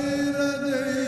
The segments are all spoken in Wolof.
خير دين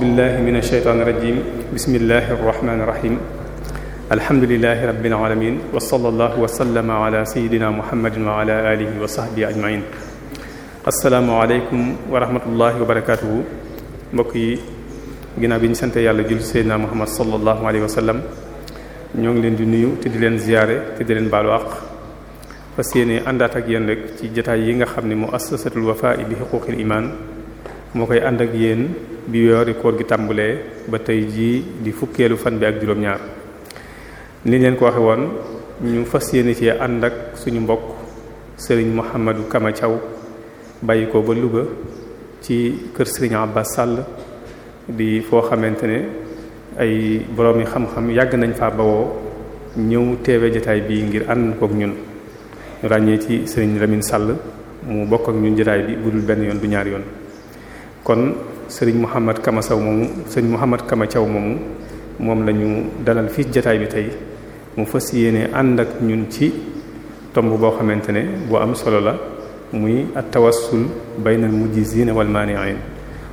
billahi min asheytaani irajim bismillahi arrahmani irahim alhamdulilahi rabbil alamin wa sallallahu wa sallama ala sayidina muhammadin wa ala alihi wa sahbihi ajmain assalaamu aleykum wa rahmatullahi wa barakatuhu mbokk yi ginnaaw bi ñu sante yàlla jul seydina muhammad sallallahu alayhi wa sallam ñoo ngi leen di nuyu te di leen ziyaare te di leen baalu àq fas yéene àndaat ak yéen rek ci jataay yi nga xam ne mu assasatul wafa bi xuquqil iman moo koy ànd ak yéen bi weeri koor gi tàmbulee ba tey jii di fukkeelu fan bi ak juróom-ñaar ni leen ko waxe woon ñu fas yéene ci ànd ak suñu mbokk sëriñ Mouhamadou Kama caw bàyyikoo ba Louga ci kër sëriñ Abbas sàll di foo xamante ne ay boroomi xam-xam yàgg nañ fa bawoo ñëw teewe jataay bii ngir ànd kook ñun ñu ràññee ci sëriñ Lamine Sall mu bokk ak ñun jotaay bi dul benn yoon du ñaar yoon kon sëriñ Mouhamad Kama Saw moomu sëriñ Mouhamad Kama Thiaw moomu moom la ñu dalal fii jataay bi tey mu fas yéene ànd ak ñun ci tomb boo xamante ne bu am solo la muy at-tawassul baynal mujjizina wal mani'in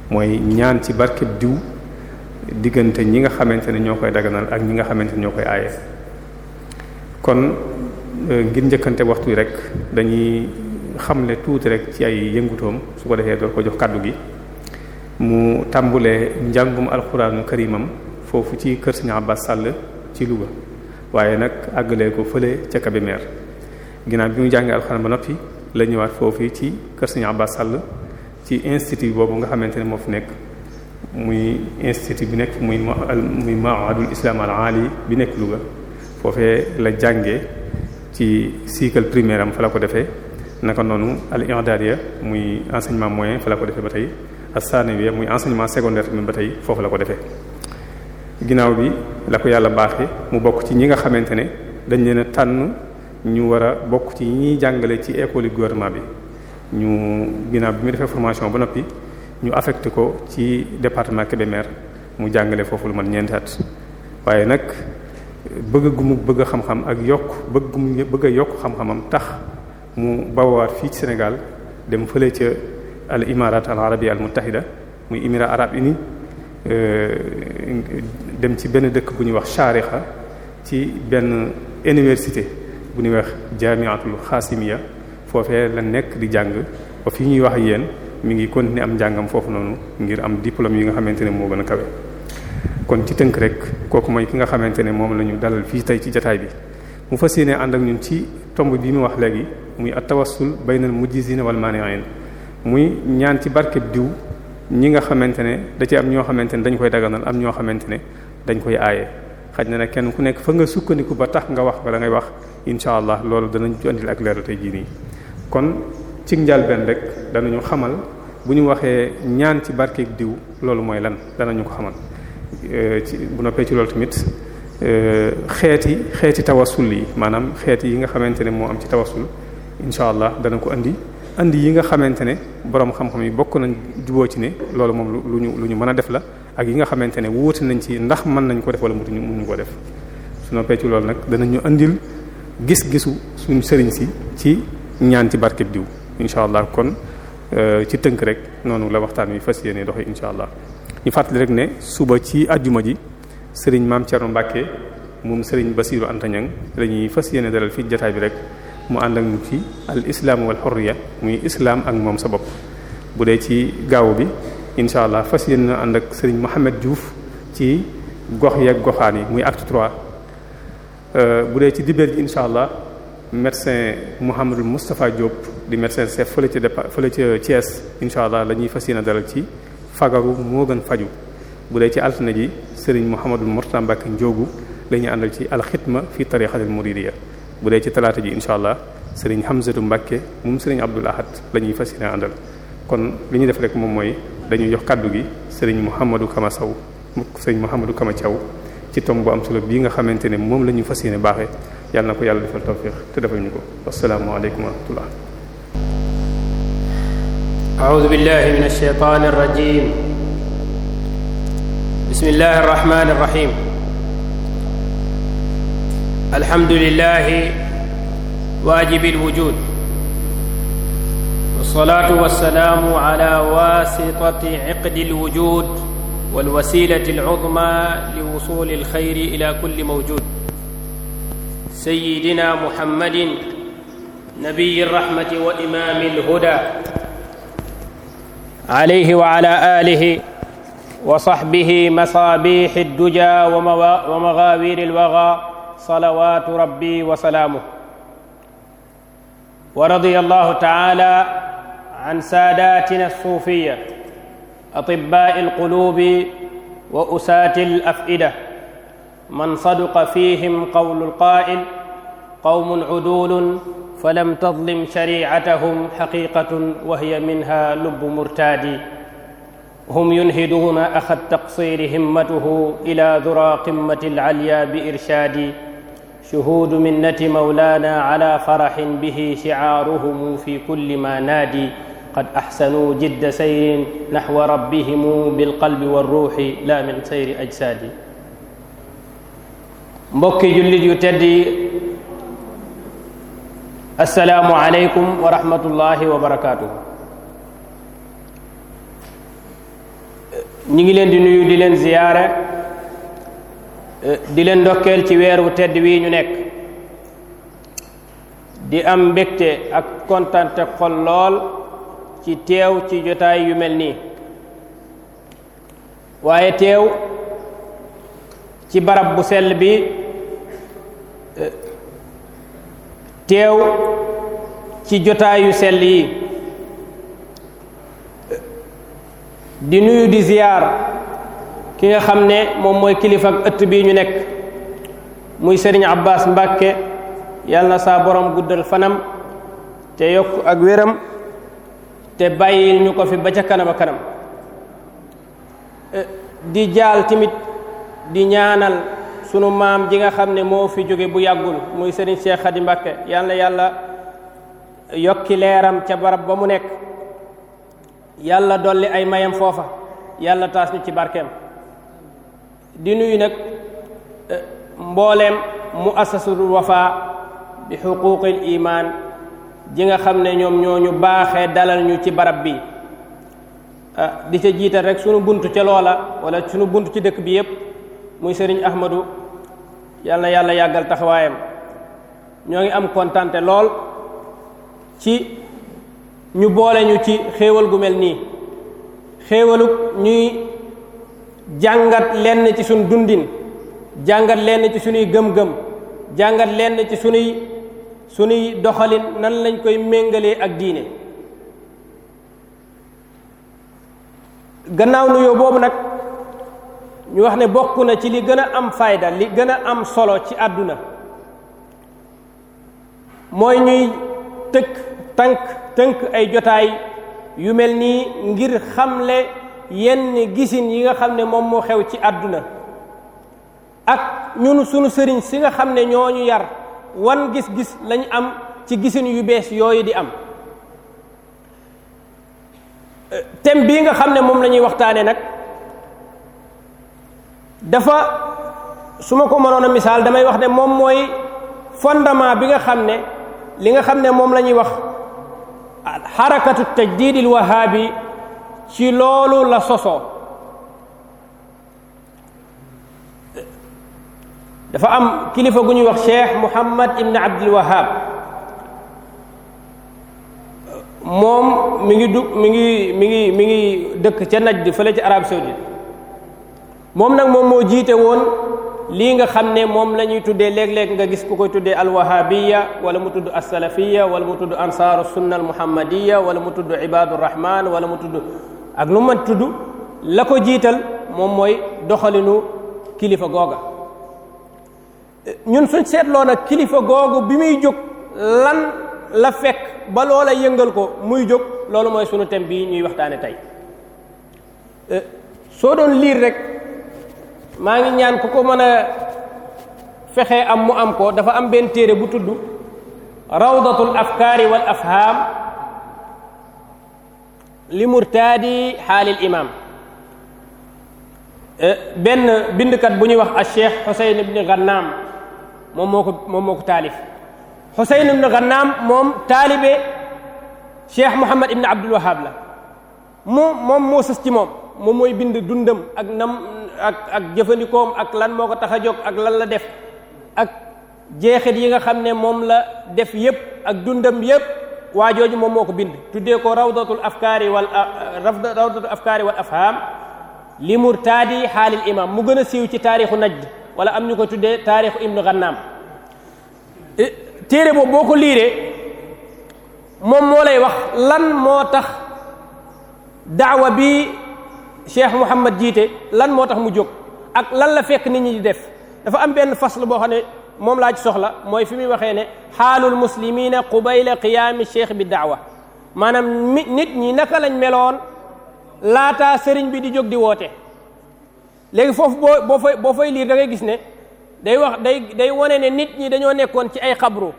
mooy ñaan ci barkeb diw diggante ñi nga xamante ne ñoo koy daganal ak ñi nga xamante ne ñoo koy aaye kon euh, ngir njëkkante waxtu rek dañuy xamle tuuti rek ci ay yëngutoom su ko defee door ko jox kàddu gi mu tàmbulee njàngum alxuraanu karimam foofu ci kër Serigne Abbas Sall ci Louga waaye nag àggalee ko fële ca Kébémer ginnaaw bi mu jàngee alxuraan ba noppi la ñëwaat foofu ci kër Serigne Abbas Sall ci institut boobu nga xamante ne moo fi nekk muy institut bi nekk muy muy maadul islam al ali bi nekk Louga foofee la jàngee ci cycle primaire am fa la ko defee naka noonu al i'dadiya muy enseignement moyen fa la ko defee ba tey as-sanawiya muy enseignement secondaire tamit ba tey foofu la ko defee ginnaaw bi la ko yàlla baaxee mu bokk ci ñi nga xamante ne dañ leen a tànn ñu war a bokk ci ñi jàngale ci école yi gouvernement bi ñu ginnaaw bi mu defee formation ba noppi ñu affecté ko ci département Kébémer mu jàngale foofu lu man ñeenti at waaye nag bëgg gu bëgg xam-xam ak yokk bëgg gu mu bëgg yokk xam-xamam tax mu bawaat fii ci Sénégal dem fële ca al imarat al arabia al muttahida muy émirats arabes unis euh, dem ci benn dëkk bu ñuy wax Sharixa ci benn université bu ñuy wax jamiatul xaasimiya foofee la nekk di jàng ba fi ñuy wax yéen mi ngi continuer am njàngam foofu noonu ngir am diplôme yi nga xamante ne moo gën a kawe. kon ci tënk rek kooku mooy ki nga xamante ne moom la ñu dalal fii tey ci jataay bi mu fas yéene ànd ak ñun ci tomb bi mu wax léegi muy at tawassul baynal mujjizina wal mani'in muy ñaan ci barkeb diw ñi nga xamante ne da ci am ñoo xamante ne dañ koy daganal am ñoo xamante ne dañ koy aaye xaj na nag kenn ku nekk fa nga sukkandiku ba tax nga wax wala ngay wax incha allah loolu danañ ci andil ak jii nii kon ci njàlbeen rek danañu xamal bu ñu waxee ñaan ci barkeeg diw loolu mooy lan danañu ko xamal euh, ci bu noppee ci loolu tamit euh, xeeti xeeti tawasul yi maanaam xeeti yi nga xamante ne moo am ci tawasul incha allah dana ko indi andi yi nga xamante ne borom xam-xam yi bokk nañ juboo ci ne loolu moom lu ñu lu ñu mën a def la ak yi nga xamante ne wuute nañ ci ndax mën nañ ko def wala mu ñu ko def su noppee ci loolu nag danañu andil gis-gisu suñu sëriñ si ci ñaan ci barkeb diw incha allah kon euh, ci tënk rek noonu la waxtaan wi fas yéene doxee incha allah ñu fàttali rek ne suba ci ajjuma ji sëriñ maam Thierno Mbacke moom sëriñ Basirou Antañang la ñuy fas yéene dalal fii jataay bi rek. mu ànd ak ñu ci al islaam wa xurriya muy islaam ak moom sa bopp. bu dee ci gaaw bi incha allah fas yéen na ànd ak sëriñ Mohamed Diouf ci gox yeeg goxaan yi muy acte trois euh, bu dee ci dibéer ji incha allah médecin Mouhamadou Moustapha Diop di médecin chef fële ca dépa fële ca Thiès incha allah la ñuy fas yéen a dalal ci fagaru moo gën faju bu dee ci altine ji sëriñ Mouhamadou Mourtada Mbacké Ndiogu la ñuy àndal ci alxitma fi tariqatil muridiyya bu dee ci talaata ji incha allah sëriñ Hamzatu Mbàkke moom sëriñ Abdul Ahad la ñuy fas yéene àndal kon li ñuy def rek moom mooy dañuy jox kàddu gi sëriñ Mouhamadou Kama Saw sëriñ Mouhamadou Kama Thiaw ci tomb bu am solo bii nga xamante ne moom la ñu fas yéene baaxee yàlla na ko yàlla defal tawfiq te defal ñu ko asalaamaaleykum wa rahmatullah a'uuzu billahi minash shaytaanir rajiim bismillahir rahmaanir rahiim الحمد لله واجب الوجود والصلاة والسلام على واسطة عقد الوجود والوسيلة العظمى لوصول الخير إلى كل موجود سيدنا محمد نبي الرحمة وإمام الهدى عليه وعلى آله وصحبه مصابيح الدجى ومغاوير الوغى salawaatu rabbi wa salaamu wa radiya allahu taala an saadatina suufiya atibbaai alqulubi wa usaati alafida man saduqa fihim qawlu alqaa'il qawmun udulun falam tadlim shari'atahum haqiqatun wa hiya minha lubbu murtaadi hum yunhiduuna axad taqsiiri himmatuhu ila dura qimmati alcalya bi irshaadi شهود منة مولانا على فرح به شعارهم في كل ما نادي قد أحسنوا جد سير نحو ربهم بالقلب والروح لا من سير أجسادي mbokki jullit yu tedd yi asalaamu aleykum wa rahmatullahi wa barakaatuhu ñi ngi leen di nuyu di leen ziyaare Eh, di leen ndokkeel ci weer tedd wii ñu nekk di am mbégte ak kontante xol lool ci teew ci jotaay yu mel ni waaye teew ci barab bu sell bi eh, teew ci jotaay yu sell yi eh, di nuyu di ziyaar ki nga xam ne moom mooy kilifa ak ëtt bii ñu nekk muy sëriñ Abbas Mbàkke yàlla na saa boroom guddal fanam te yokk ak wéram te bàyyil ñu ko fi ba ca kanam kanam di jaal tamit di ñaanal sunu maam ji nga xam ne moo fi jóge bu yàggul muy sëriñ Cheikh Khady Mbàkke yàlla na yàlla yokki leeram ca barab ba mu nekk yàlla dolli ay mayam foofa yàlla taas ñu ci barkeem di nuyu nag eh, mbooleem mu asasul wafaa bi xuquuqil imaan ji nga xam ne ñoom ñoo ñu baaxe dalal ñu ci barab bi ah, di ca jiital rek sunu buntu ca loola wala sunu bunt ci dëkk bi yépp muy sëriñ Ahmadu yàlla yàlla yàggal taxawaayam ñoo ngi am kontante lool ci ñu boole ñu ci xéewal gu mel nii xéewalug ñuy jàngat lenn ci suñ dundin jàngat lenn ci suñuy gëm-gëm jàngat lenn ci suñuy suñuy doxalin nan lañ koy méngalee ak diine gannaaw nuyoo boobu nag ñu wax ne bokk na ci li gën a am fayda li gën a am solo ci àdduna mooy ñuy tëkk tànk tënk ay jotaay yu mel nii ngir xamle yenn gisin yi nga xam ne moom moo xew ci àdduna ak ñun sunu sëriñ si nga xam ne ñoo ñu yar wan gis-gis lañu am ci gisin yu bees yooyu di am thème bii nga xam ne moom la ñuy waxtaane nag dafa su ma ko mënoon a misaal damay wax ne moom mooy fondement bi nga xam ne li nga xam ne moom la ñuy wax xarakatu tajdidil wahaabi si loolu la soso dafa am kilifa gu ñuy wax cheikh Muhammad ibn Abdul Wahhab moom mi ngi du mi ngi mi ngi mi ngi dëkk ca Najd fële ci Arabie saoudite moom nag moom moo jiite woon lii nga xam ne moom la ñuy tuddee léeg-léeg nga gis ku koy tuddee alwahabiya wala mu tudd alsalafiya wala mu tudd ansaaru sunna almuhammadiya wala mu tudd ibadurahman wala mu tudd ak lu mën tudd la ko jiital moom mooy doxalinu kilifa googa ñun suñ seetloo nag kilifa googu bi muy jóg lan la fekk ba loola yëngal ko muy jóg loolu mooy sunu thème bi ñuy waxtaane tey eh, soo doon liir rek maa ngi ñaan ku ko mën a fexe am mu am ko dafa am benn téere bu tudd rawdatul afkaari wal afham li murtaadi xaalil imaam eh, benn bindkat bu ñuy wax a cheikh Xuseyn ibn Gannaam moom moo ko moom moo moom cheikh Muhammad la mu moom moom moom mooy bind dundam ak nam ak ak jëfandikoom ak lan moo ko tax a jóg ak lan la def ak jeexit yi nga xam ne moom la def yépp ak dundam yépp waa jooju moom moo ko bind tuddee ko rawdatul afkaari wal rawdatul afkaari wal afham li murtaadi xaalil imam mu gën a siiw ci taarixu najd wala am nu ko tuddee taarixu ibnu gannaam e, téere boobu boo ko liiree moom moo lay wax lan moo tax daawa bi cheikh Mouhamad jiite lan moo tax mu jóg ak lan la fekk nit ñi di def dafa am benn fasl boo xam ne moom laa ci soxla mooy fi muy waxee ne xaalul muslimina qubayla qiyaami cheikh bi daawa maanaam nit ñi naka lañ meloon laata sëriñ bi di jóg di woote léegi foofu boo boo fay liir da ngay gis ne day wax day day wane ne nit ñi dañoo nekkoon ci ay xabru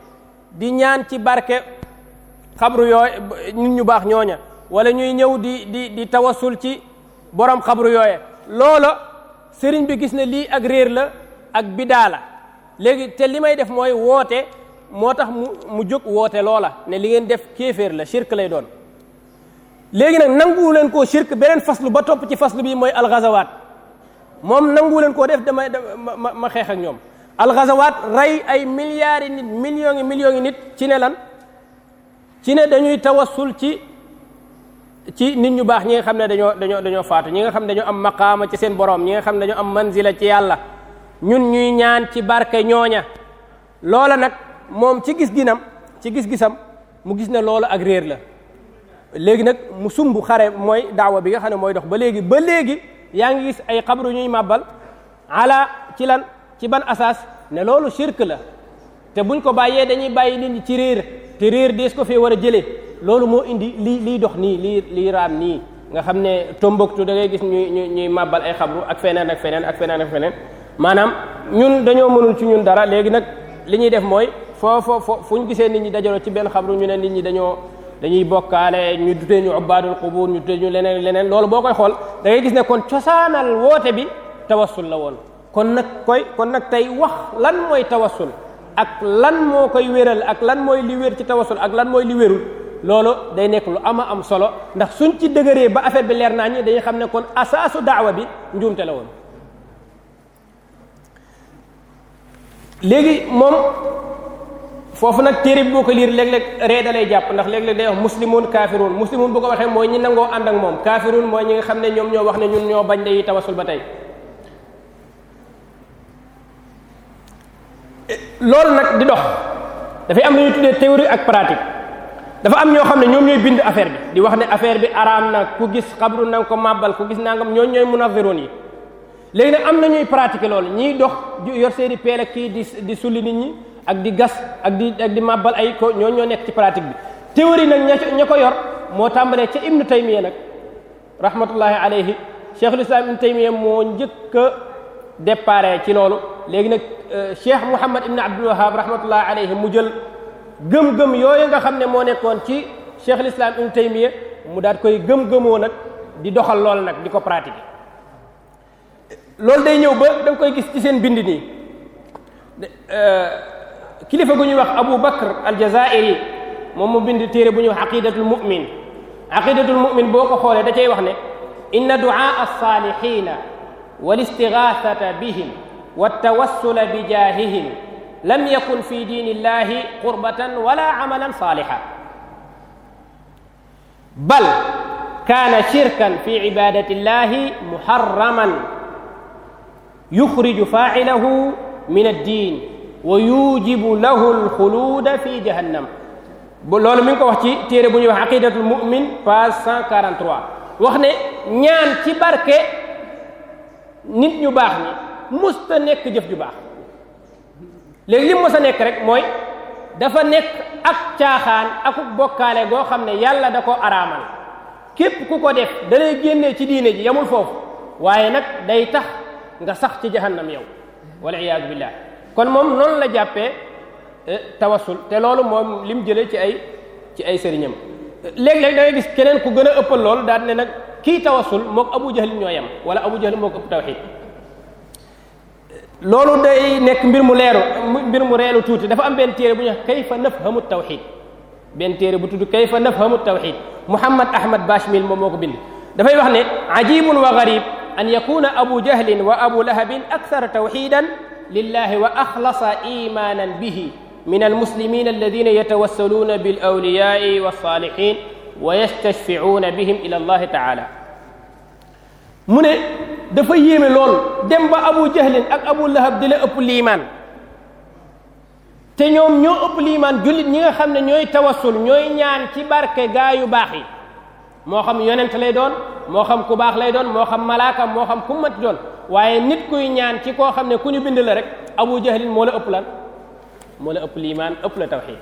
di ñaan ci barke xabru yooye nit ñu baax ñooña wala ñuy ñëw di di di tawasul ci borom xabru yooye loola sëriñ bi gis ne lii ak réer la ak bidaala léegi te li may def mooy woote moo tax mu mu jóg woote loola ne li ngeen def kéeféer la shirk lay doon léegi nag nanguwu leen koo shirk beneen faslu ba topp ci faslu bi mooy alxazawaat moom nanguwu leen koo def damay ma ma xeex ak ñoom alxazawaat rey ay milliards nit millions yi nit ci ne lan ci ne dañuy tawassul ci ci nit ñu baax ñi nga xam ne dañoo dañoo dañoo faatu ñi nga xam ne dañoo am maqaama ci seen borom ñi nga xam ne dañoo am manzila ci yàlla ñun ñuy ñaan ci barke ñooña loola nag moom ci gis ginam ci gis-gisam mu gis ne loola ak réer la léegi nag mu sumb xare mooy daawa bi nga xam ne mooy dox ba léegi ba léegi yaa ngi gis ay xabru ñuy màbbal ala ci lan ci ban asaas ne loolu shirk la te buñ ko bàyyee dañuy bàyyi nit ci réer te réer dees ko fee war a jëlee loolu moo indi lii liy dox nii lii lii nii nga xam ne Tombouctou da ngay gis ñuy ñuy ñuy màbbal ay xabru ak feneen ak feneen ak feneen ak feneen maanaam ñun dañoo mënul ci ñun dara léegi nag li ñuy def mooy foofu fo fu ñu gisee nit ñi dajaloo ci benn xabru ñu ne nit ñi dañoo dañuy bokkaale ñu dutee ñu ubbaadul qubuur ñu dutee ñu leneen leneen loolu boo koy xool da ngay gis ne kon cosaanal woote bi tawassul la woon kon nag koy kon nag tey wax lan mooy tawassul ak lan moo koy wéral ak lan mooy li wér ci tawassul ak lan mooy li wérul loolu day nekk lu ama am solo ndax suñ ci dëgëree ba affaire bi leer naa ñi dañuy xam ne kon asaasu daawa bi njuumte la woon léegi moom foofu nag téere bi boo ko liir léeg-léeg ree jàpp ndax léeg-léeg day wax muslimun kaafiruun muslimun bu ko waxee mooy ñi nangoo ànd ak moom kaafiruun mooy ñi nga xam ne ñoom ñoo wax ne ñun ñoo bañ day tawasul ba tey nag di dox dafay am lu ñuy tuddee théorie ak pratique dafa am ñoo xam ne ñoom ñooy bind affaire bi di wax ne affaire bi araam na ku gis xabru na nga ko màbbal ku gis nangam ñooñu ñooy munafiroon yi léegi nag am na ñuy pratiquer loolu ñiy dox yor seeni peel ak kii di di sulli nit ñi ak di gas ak di ak di màbbal ay ko ñoo nekk ci pratique bi théorie nag ña ko yor moo tàmbalee ci ibnu taymiya nag rahmatullahi alayhi cheikhul islam ibnu taymiya moo njëkk a ci loolu léegi nag euh, cheikh mouhamad ibnu abdul wahab rahmatullahi alayhi mu jël gëm-gëm yooyu nga xam ne moo nekkoon ci cheikhul islam ibnu taymiya mu daat koy gëm-gëmoo nag di doxal loolu nag di ko pratiquer loolu day ñëw ba da koy gis ci seen bind nii euh, kilifa gu ñuy wax Abu Bakr al-Jazairi moom mu bind téere bu ñuy wax aqidatul mu'min aqidatul mu'min boo ko xoolee da cay wax ne inna duaa alsalihina walistigaasata bihim waltawassula bijaahihim lam yakun fi diini illahi qurbatan wala amalan saaliha bal kaana shirkan fi ibadati illahi muharraman يخرج فاعله من الدين ويوجب له الخلود في جهنم loolu mi ngi ko wax ci téere bu ñuy wax aqidatul mu'min page 143 wax ne ñaan ci barke nit ñu baax ñi musta nekk jëf ju baax léegi li mu nekk rek mooy dafa nekk ak caaxaan akuk bokkaale goo xam ne yàlla da ko araamal képp ku ko dekk da lay ci diine ji yamul foofu waaye nag day nga sax ci jahannam yow wala iyaadu billah kon moom noonu la jàppee eh, tawassul te loolu moom li mu jëlee ci ay ci ay sëriñam léeg-léeg da gis keneen ku gën a ëppal loolu daal ne nag kii tawassul mook abu jahal ñoo yam wala abu jahal moo ko ëpp tawxiid loolu day nekk mbir mu leeru mbir mu reelu tuuti dafa am benn téere bu ñu wax kayfa nafhamu tawxiid benn téere bu tudd kayfa nafhamu tawxiid Muhammad Ahmad Bashmil moom moo ko bind dafay wax ne ajibun wa garib أن يكون أبو جهل وأبو لهب أكثر توحيدا لله وأخلص إيمانا به من المسلمين الذين يتوسلون بالأولياء والصالحين ويستشفعون بهم إلى الله تعالى mu ne dafa yéeme lool dem ba ak abu lahab di la ëpp liimaan te ñoom ñoo ëpp liimaan jullit ñi nga xam ne ñooy tawasul ñooy ñaan ci barke gaa yu baax yi moo xam yonent lay doon moo xam ku baax lay doon moo xam malaaka moo xam ku mat doon waaye nit kuy ñaan ci koo xam ne ku ñu bind rek abu jahlin moo la ëpp lan moo la ëpp liimaan ëpp la tawxiid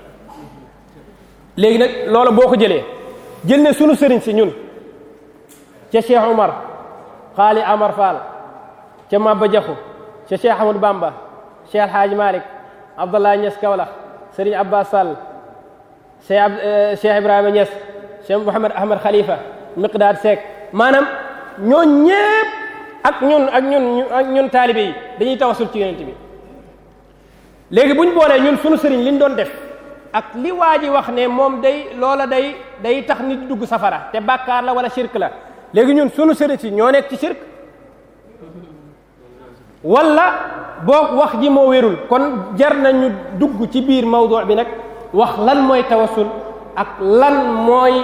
léegi nag loola boo ko jëlee jël ne sunu sëriñ si ñun ca Cheikh Omar xaali Amar Fall ca Maba Jaxu ca Cheikh Ahmadou Bamba Cheikh Alhaaji Malick Abdallah Niass Kawlax sëriñ Abbas Sall Cheikh eh, Ibrahima Niass Cheikh Mouhamed Ahmad Khalifa Miqdaad Seck maanaam ñoo ñépp ak ñun ak ñun ak ñun taalibe yi dañuy tawasul ci yonent bi léegi buñ boolee ñun sunu sëriñ liñ doon def ak li waa ji wax ne moom day loola day day tax nit dugg safara te bàkkaar la wala shirk la léegi ñun sunu sëriñ si ñoo nekk ci shirk walla boog wax ji moo wérul kon jar nañu dugg ci biir mawdu bi nag wax lan mooy tawasul ak lan mooy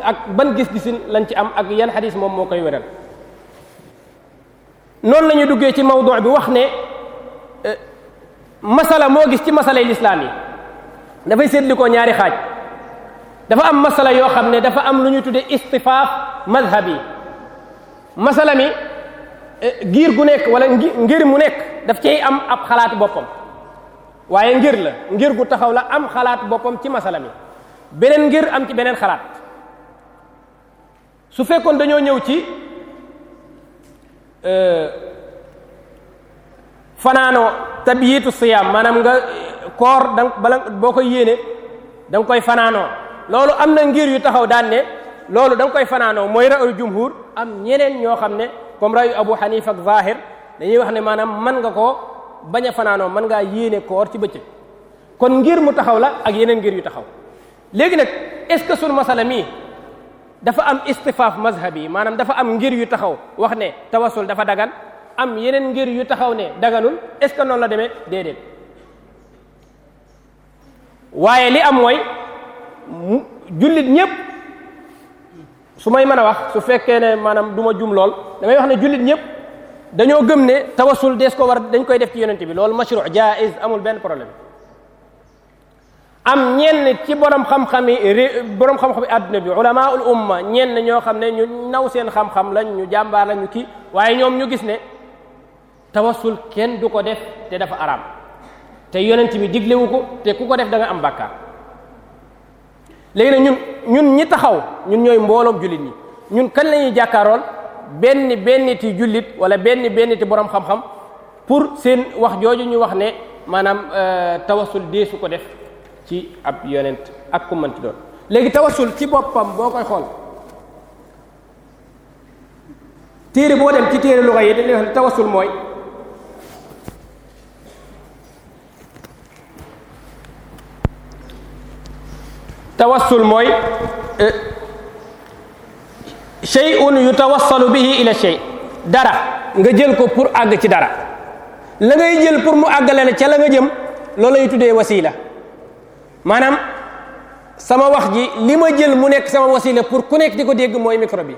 ak ban gis-gisin lañ ci am ak yan xadis moom moo koy wéral noonu la ñuy duggee ci mawduu bi wax ne euh, masala moo gis ci masalay lislaam yi dafay seetlikoo ñaari xaaj dafa am masala yoo xam ne dafa am lu ñuy tudde istifaaf madhab yi masala mi euh, giir gu nekk walla ngir mu nekk daf cay am ab xalaat boppam waaye ngir la ngir gu taxaw la am xalaat boppam ci masala mi beneen ngir am ci beneen xalaat su fekkoon dañoo ñëw ci euh, fanaano tabiyitu siyaam maanaam nga koor da bala boo koy yéene da koy fanaanoo loolu am na ngir yu taxaw daan ne loolu da koy fanaanoo mooy ra'yu jumhur am ñeneen ñoo xam ne comme ra'yu Abu Hanifa ak Zahir dañuy wax ne maanaam man nga koo bañ a fanaanoo mën ngaa yéene koor ci bëccëg kon ngir mu taxaw la ak yeneen ngir yu taxaw léegi nag est-ce que sunu masala mii dafa am istifaaf mazhab yi maanaam dafa am ngir yu taxaw wax ne tawasul dafa dagan am yeneen ngir yu taxaw ne daganul est-ce que noonu la demee déedéet waaye li am mooy jullit ñëpp su may mën a wax su fekkee ne maanaam du ma jum lool damay wax ne jullit ñëpp dañoo gëm ne tawasul dees ko war dañ koy def ci yonent bi loolu mashru' jaiz amul benn problème am ñenn ci borom xam-xam yi borom xam-xam yi adduna bi ulamaul umma ñoo xam ne ñu naw seen xam-xam lañ ñu jàmbaar lañu kii waaye ñoom ñu gis ne tawassul kenn du ko def te dafa araam te yonent bi diglewu ko te ku ko def da am bakka léegi nag ñun ñun ñi taxaw ñun ñooy mbooloom jullit ñi ñun kan lañuy ñuy jàkkaarool benn benn ti jullit wala benn benn ti borom xam-xam pour seen wax jooju ñu wax ne maanaam euh, tawassul deesu ko def ci ab yonent ak ku mënti doon léegi tawasul ci boppam boo koy xool téere boo dem ci téere luxa yi da wax ne tawasul mooy tawassul mooy eh, shay'un yutawassalu bihi ila shay dara nga jël ko pour àgg ci dara la ngay jël pour mu àggale la ca la nga jëm loolu lay tuddee wasiila maanaam sama wax ji li ma jël mu nekk sama wasila pour ku nekk di ko dégg mooy micro bi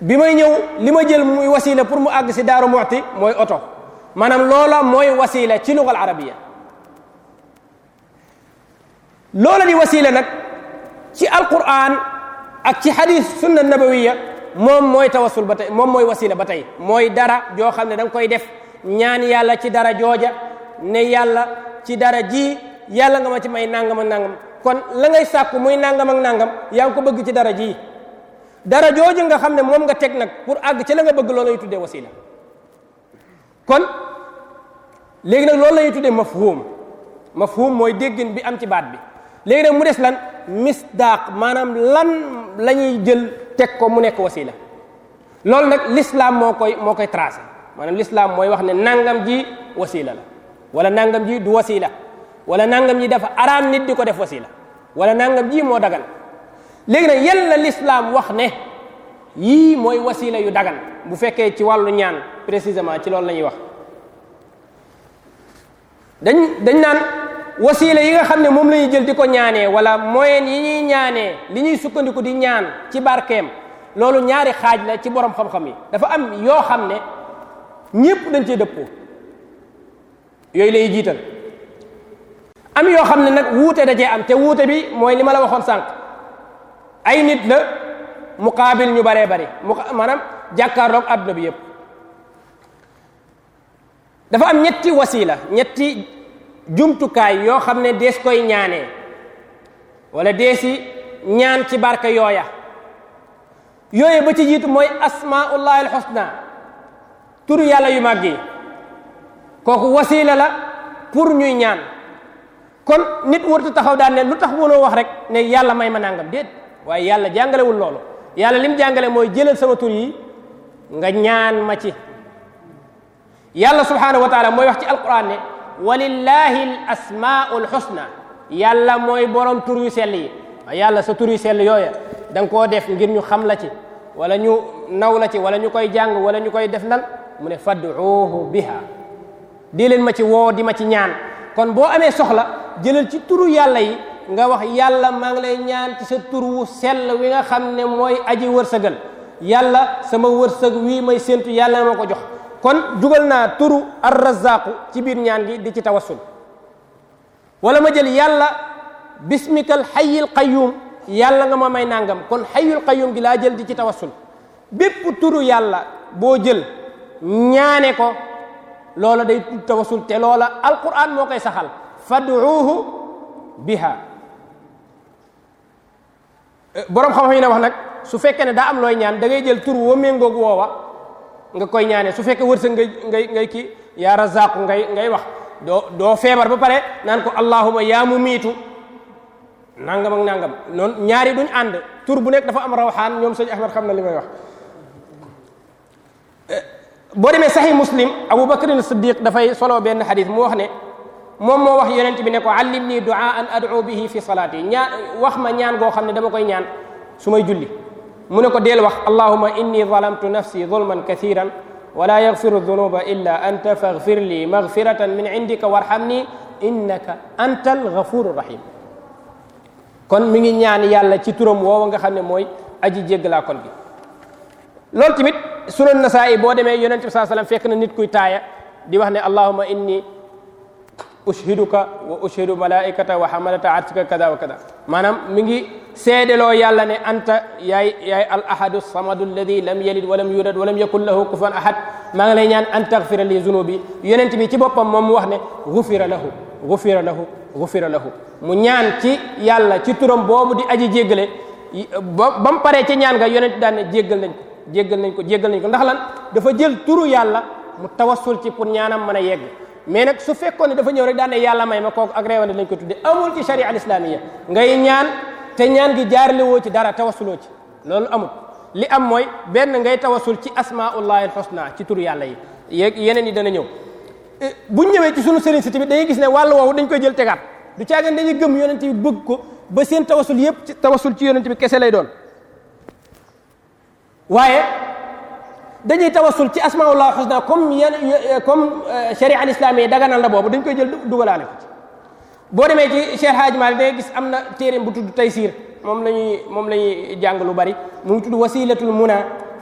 bi may ñëw li ma jël muy wasila pour mu àgg si Daaru Muxti mooy oto maanaam loola mooy wasila ci lugal arabiya loola di wasila nag ci alquran ak ci xadis sunna nabawiya moom mooy tawasul ba tey moom mooy wasila ba tey mooy dara joo xam ne dang koy def ñaan yàlla ci dara jooja ne yàlla ci dara ji yàlla nga ma ci may nangam ak nangam kon la ngay sàkku muy nangam ak nangam yaa ngi ko bëgg ci dara ji dara jooju nga xam ne moom nga teg nag pour àgg ci la nga bëgg loolu lay tuddee wasila kon léegi nag loolu lay tuddee mafhum mafhum mooy déggin bi am ci baat bi léegi nag mu des lan misdaaq maanaam lan la ñuy jël teg ko mu nekk wasila loolu nag l'islam moo koy moo koy tracé maanaam lislaam mooy wax ne nàngam ji wasila la wala nangam ji du wasila wala nangam ji dafa araam nit di ko def wasila wala nangam ji moo dagan léegi nag yàlla lislaam wax ne yii mooy wasila yu dagan bu fekkee ci wàllu ñaan précisément ci loolu lañuy wax dañ dañ naan wasila yi nga xam ne moom lañuy ñuy jël di ko ñaanee wala moyen yi ñuy ñaanee li ñuy sukkandiku di ñaan ci barkeem loolu ñaari xaaj la ci borom xam-xam yi dafa am yoo xam ne ñépp dañ cee dëppoo yooyu lay jiital am yoo xam ne nag wuute da cee am te wuute bi mooy li ma la waxoon sànq ay nit la muqaabil ñu baree bari mu maanaam jàkkaarloog adduna bi yëpp dafa am ñetti wasila ñetti jumtukaay yoo xam ne dees koy ñaane wala deesi ñaan ci barke yooya yooye ba ci jiit mooy asmaullahi alxusna turu yàlla yu màgg yi kooku wasila la pour ñuy ñaan kon nit warut taxaw daan ne lu tax mënoo wax rek ne yàlla may ma nangam déet waaye yàlla jàngalewul loolu yàlla lim jàngale mooy jëlal sama tur nga ñaan ma ci yàlla subhanahu wa taala mooy wax ci alquran ne walillahi al asmaul husna yàlla mooy borom tur yu sell yi yàlla sa tur yu yooya da koo def ngir ñu xam la ci wala ñu naw la ci wala ñu koy jàng wala ñu koy def nan mune ne fad'uuhu biha di leen ma ci woo di ma ci ñaan kon boo amee soxla jëlal ci turu yàlla yi nga wax yàlla maa ngi lay ñaan ci sa tur wu sell wi nga xam ne mooy aji wërsëgal yàlla sama wërsëg wii may séntu yàlla ma ko jox kon jugal naa turu arrazaqu ci biir ñaan gi di ci tawassul wala ma jël yàlla bismikal xayyil qayyum yàlla nga ma may nangam kon xayyul qayyum gi laa jël di ci tawassul bépp turu yàlla boo jël ñaane ko loola day tawassul te loola alquran moo koy saxal fad'uuhu biha borom xam-xam yi ne wax nag su fekke ne daa am looy ñaan da ngay jël tur woo wa méngoog woowa nga koy ñaanee su fekkee wërsëg nga ngay ngay kii yaa razaqu ngay ngay wax doo doo feebar ba pare naan ko allahuma yaa mu miitu nangam ak nangam noonu ñaari duñ ànd tur bu nekk dafa am rawxaan ñoom sëñ Ahmad xam na li may wax eh, boo demee saxi muslim Abu Bakr as-Siddiq dafay solo benn xadis mu wax ne moom moo wax yonent bi ne ko allim nii duaa an ad'u bihi fi salaati ñaan wax ma ñaan goo xam ne dama koy ñaan su may julli mu ne ko deel wax allahuma inni zalamtu nafsi zulman kathiran wala yaghfiru dhunuba illa anta faghfir li maghfiratan min indika warhamni innaka antal ghafuru rahim kon mi ngi ñaan yàlla ci turam woowa nga xam ne mooy aji jéggalaa kon bi loolu tamit sunan nasaa yi boo demee yonent bi saa sallam fekk na nit kuy taaya di wax ne allahuma inni ushiduka wa ushidu malaikata wa hamalata arsika kada wa kada maanaam mi ngi seedeloo yàlla ne anta yaay yaay al ahadu samadu alladi lam yalid walam yulad walam yakun lahu kufan ahad maa ngi lay ñaan an taghfira li zunubi yonent bi ci boppam moom mu wax ne gufira lahu gufira lahu gufira lahu mu ñaan ci yàlla ci turam boobu di aji jéggale ba ba mu paree ca ñaan nga yonent daan ne jéggal nañ ko jéggal nañ ko jéggal nañ ko ndax lan dafa jël turu yàlla mu tawassul ci pour ñaanam mën a yegg mais nag su fekkoon ne dafa ñëw rek daan ne yàlla may ma kooku ak reewande lañ ko tudde amul ci sharia al islamiyya ngay ñaan te ñaan gi jaarale woo ci dara tawasuloo ci loolu amul li am mooy benn ngay tawasul ci asmaullahi alxusna ci tur yàlla yi yeeg yeneen yi dana ñëw eh, buñ ñëwee ci sunu sëriñ si tamit dañuy gis ne wàllu woowu dañ koy jël tegaat du caagan dañuy gëm yonent bi bëgg ko ba seen tawasul yëpp ci tawasul ci yonent bi kese lay doon waaye dañuy tawasul ci asmaullah xusna comme yan comme euh, sharia al islam yi daganal na boobu dañ koy jël dugalaale ko ci boo demee ci Cheikh Hadj gis am na téeréem bu tudd Taysir moom la ñuy moom la ñuy jàng lu bari mu ngi tudd wasilatul muna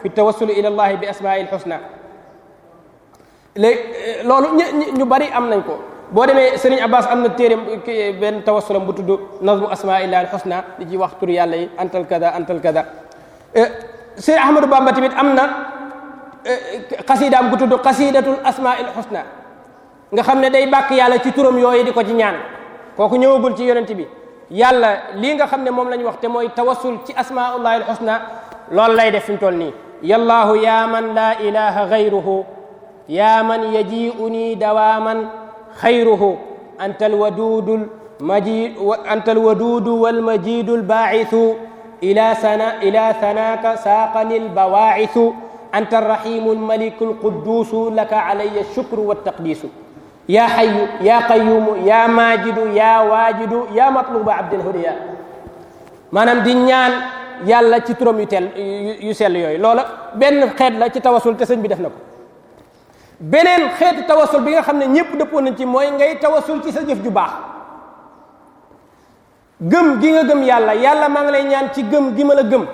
fi tawassul ila allahi bi asmail xusna léegi euh, loolu ñu bari am nañ ko boo demee Serigne Abbas am na téeréem benn tawassulam bu tudd nazmu asmaillahi xusna di ci wax tur yàlla yi antal kada antal kada Serigne euh, Bamba tamit am xasiidaam eh, gu tudd xasiidatul asmail xusna nga xam ne day bàkk yàlla ci turam yooyu di ko ci ñaan kooku ñëwagul ci yonent bi yàlla lii nga xam ne moom la ñu wax te mooy tawassul ci asmaullahi alxusna loolu lay def fi mu toll nii yallaahu yaa man laa ilaha gayruhu yaa man yajiuni dawaaman xayruhu anta alwadudu lmaji anta alwadudu ila sana ila sanaka saaqani anta rahimu lmaliku lqudduusu laka alayya shukru waltaqdiisu yaa xayu ya qayuumu yaa maajidu yaa waajidu yaa matluba abdil hudiya maanaam di ñaan yàlla ci turam yu teel yu sell yooyu loola benn xeet la ci tawasul te sëñ bi def na ko beneen xeetu tawasul bi nga xam ne ñëpp dëppoon nañ ci mooy ngay tawasul ci sa jëf ju baax gëm gi nga gëm yàlla yàlla maa ngi lay ñaan ci gëm gi ma la gëm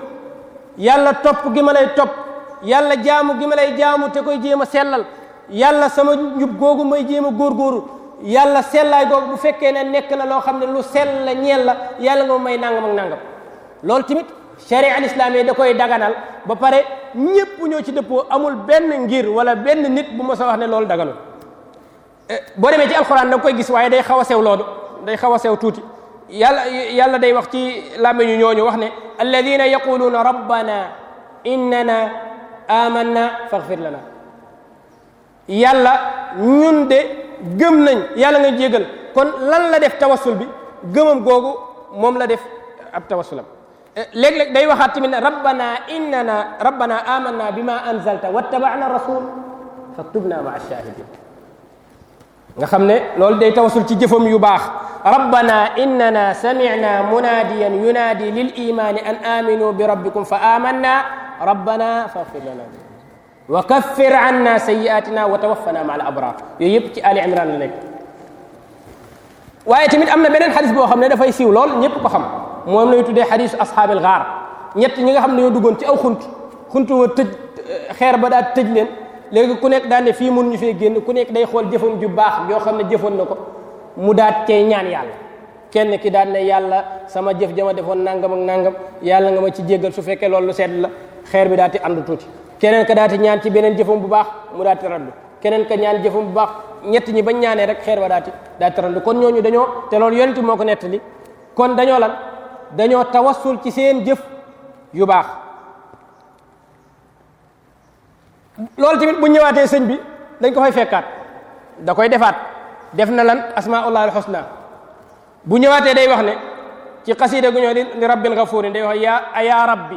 yàlla topp gi ma lay topp yàlla jaamu gi ma lay jaamu te koy jéem a sellal yàlla sama njub googu may jéem a góorgóoru yàlla sellaay googu bu fekkee ne nekk na loo xam ne lu sell la ñeel la yàlla nga may nangam ak nangam loolu timit sharia al yi da koy daganal ba pare ñépp ñoo ci dëppoo amul benn ngir wala benn nit bu mos wax ne loolu daganul eh, boo demee ci alxuraan da koy gis waaye day xaw a sew loolu day xaw a sew tuuti yàlla day wax ci làmmiñu ñooñu wax ne alladina yaquluuna rabbana innana amanna faghfir lana yàlla ñun de gëm nañ yàlla nga jégal kon lan la def tawassul bi gëmam googu moom la def ab tawassulam eh, léeg-léeg day waxaat tamit ne rabbana innana rabbana amanna bima anzalta wattaba'na rasul faktubna ma'a shahidin nga xam ne loolu day sul ci jëfam yu baax rabbana innana samina munadiyan yunaadi lil imani an aminu bi rabbikum fa amanna rabbana faghfir lana wa kaffir anna sayyi'atina wa tawaffana ma al abrar yooyu ci ali imran la nekk waaye tamit na beneen xadis boo xam ne dafay siw lool ñëpp ko xam moom lañu tuddee xadisu ashaabil gaar ñett ñi nga xam ne ñoo duggoon ci aw xunt xunt wa tëj xeer ba daal tëj leen léegi ku nekk daan ne fii ñu fee génn ku nekk day xool jëfam ju baax yoo xam ne jëfoon na ko mu daat cay ñaan yàlla kenn ki daan ne yàlla sama jëf jama defoon nangam ak nangam yàlla nga ma ci jéggal su fekkee loolu lu sedd la xeer bi daati ànd tuuti keneen ka daati ñaan ci beneen jëfam bu baax mu daati raddu keneen ka ñaan jëfam bu baax ñett ñi bañ ñaanee rek xeer ba daati daati raddu kon ñooñu dañoo te loolu ti moo ko nettali kon dañoo lan dañoo tawassul ci seen jëf yu baax loolu tamit bu ñëwaatee sëñ bi dañ ko fay fekkaat da koy defaat def na lan asmaullah al husna bu ñëwaatee day wax ne ci xasiida gu ñëw di rabbil gafurin day wax ya ya rabbi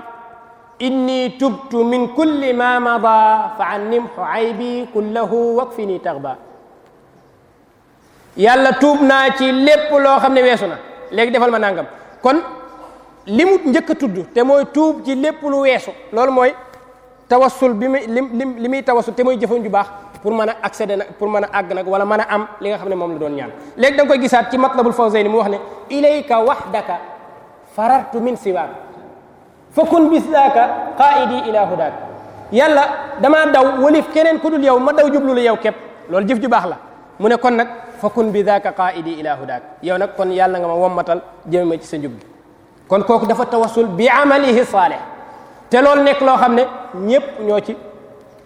inni tubtu min kulli ma mada fa annimhu aybi kullahu wakfini taxba yàlla tuub naa ci lépp loo xam ne weesu na léegi defal ma nangam kon limut mu njëkk a tudd te mooy tuub ci lépp lu weesu loolu mooy tawassul bi muy lim lim li muy tawassul te muy jëfan ju baax pour mën a nag pour mën a àgg nag wala mën a am li nga xam ne moom la doon ñaan léegi da nga koy gisaat ci matlabul fawzayni mu wax ne ilayka wahdaka farartu min siwaak fa kun bisdaaka qaidi ila hudaak yàlla damaa daw walif keneen ku dul yow ma daw jublu lu yow képp loolu jëf ju baax la mu ne kon nag fa kun bidaaka qaidi ila hudaak yow nag kon yàlla nga ma wommatal jëme ma ci sa njub kon kooku dafa tawassul bi amalihi saalih te lool nekk loo xam ne ñépp ñoo ci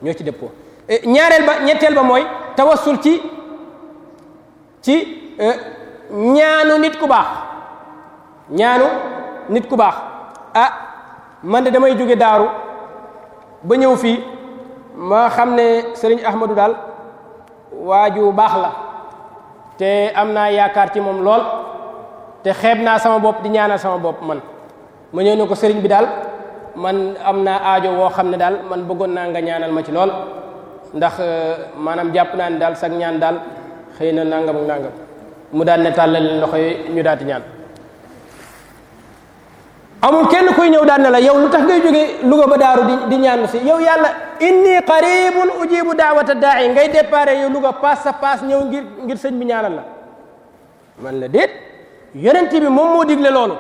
ñoo ci ko eh, ñaareel ba ñetteel ba mooy tawassul ci ci eh, ñaanu nit ku baax ñaanu nit ku baax a ah, man de damay jóge daaru ba ñëw fii ma xam ne sëriñ Ahmadu daal waa ju baax la te am naa yaakaar ci moom lool te xeeb naa sama bopp di ñaanal sama bopp man ma ñëw ne ko sëriñ bi daal man am naa aajo woo xam ne daal man bëggoon naa ñaanal ma ci lool ndax euh, maanaam jàpp naa ne daal sag ñaan daal xëy na nangam ak nangam mu daal ne tàllal leen loxo yi ñu daal di ñaan. amul kenn kuy ñëw daan na la yow lu tax ngay jóge Louga ba daaru di di ñaan si yow yàlla inni qaribun ujibu daawata daa'i ngay déparé yow Louga paas sa paas ñëw ngir ngir sëñ bi ñaanal la man la déet yonent bi moom moo digle loolu.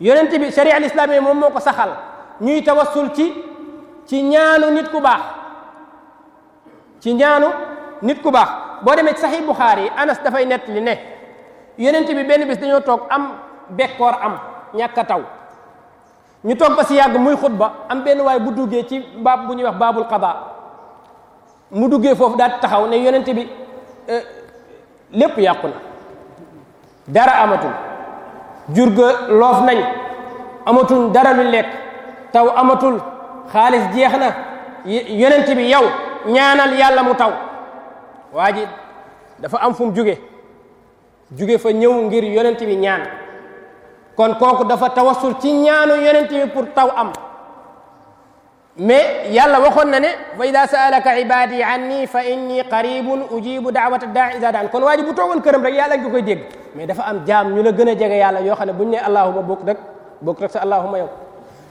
yonent bi sharia al islam yi moom moo ko saxal ñuy tawassul ci ci ñaanu nit ku baax ci ñaanu nit ku baax boo demee ci saxi Buxaari yi Anas dafay nettali ne yonent bi benn bis dañoo toog am bekkoor am ñàkk a taw ñu toog ba si yàgg muy xutba am benn waay bu duggee ci baab bu ñuy wax baabul qada mu duggee foofu daal taxaw ne yonent bi euh, lépp yàqu na dara amatul jur loof nañ amatul dara lu lekk taw amatul xaalis jeex na yonent bi yow ñaanal yàlla mu taw waa dafa am fu mu jóge jóge fa ñëw ngir yonent bi ñaan kon kooku dafa tawassul ci ñaanu yonent bi pour taw am mais yàlla waxoon na ne fa ida saalaka ibadi anni fa inni qaribun ujibu daawata daa ida daan kon waa ji bu toogoon këram rek yàlla ngi koy dégg mais dafa am jaam ñu la a jege yàlla yoo xam ne bu ñu ne allahuma bokk rek bokk rek sa allahuma yow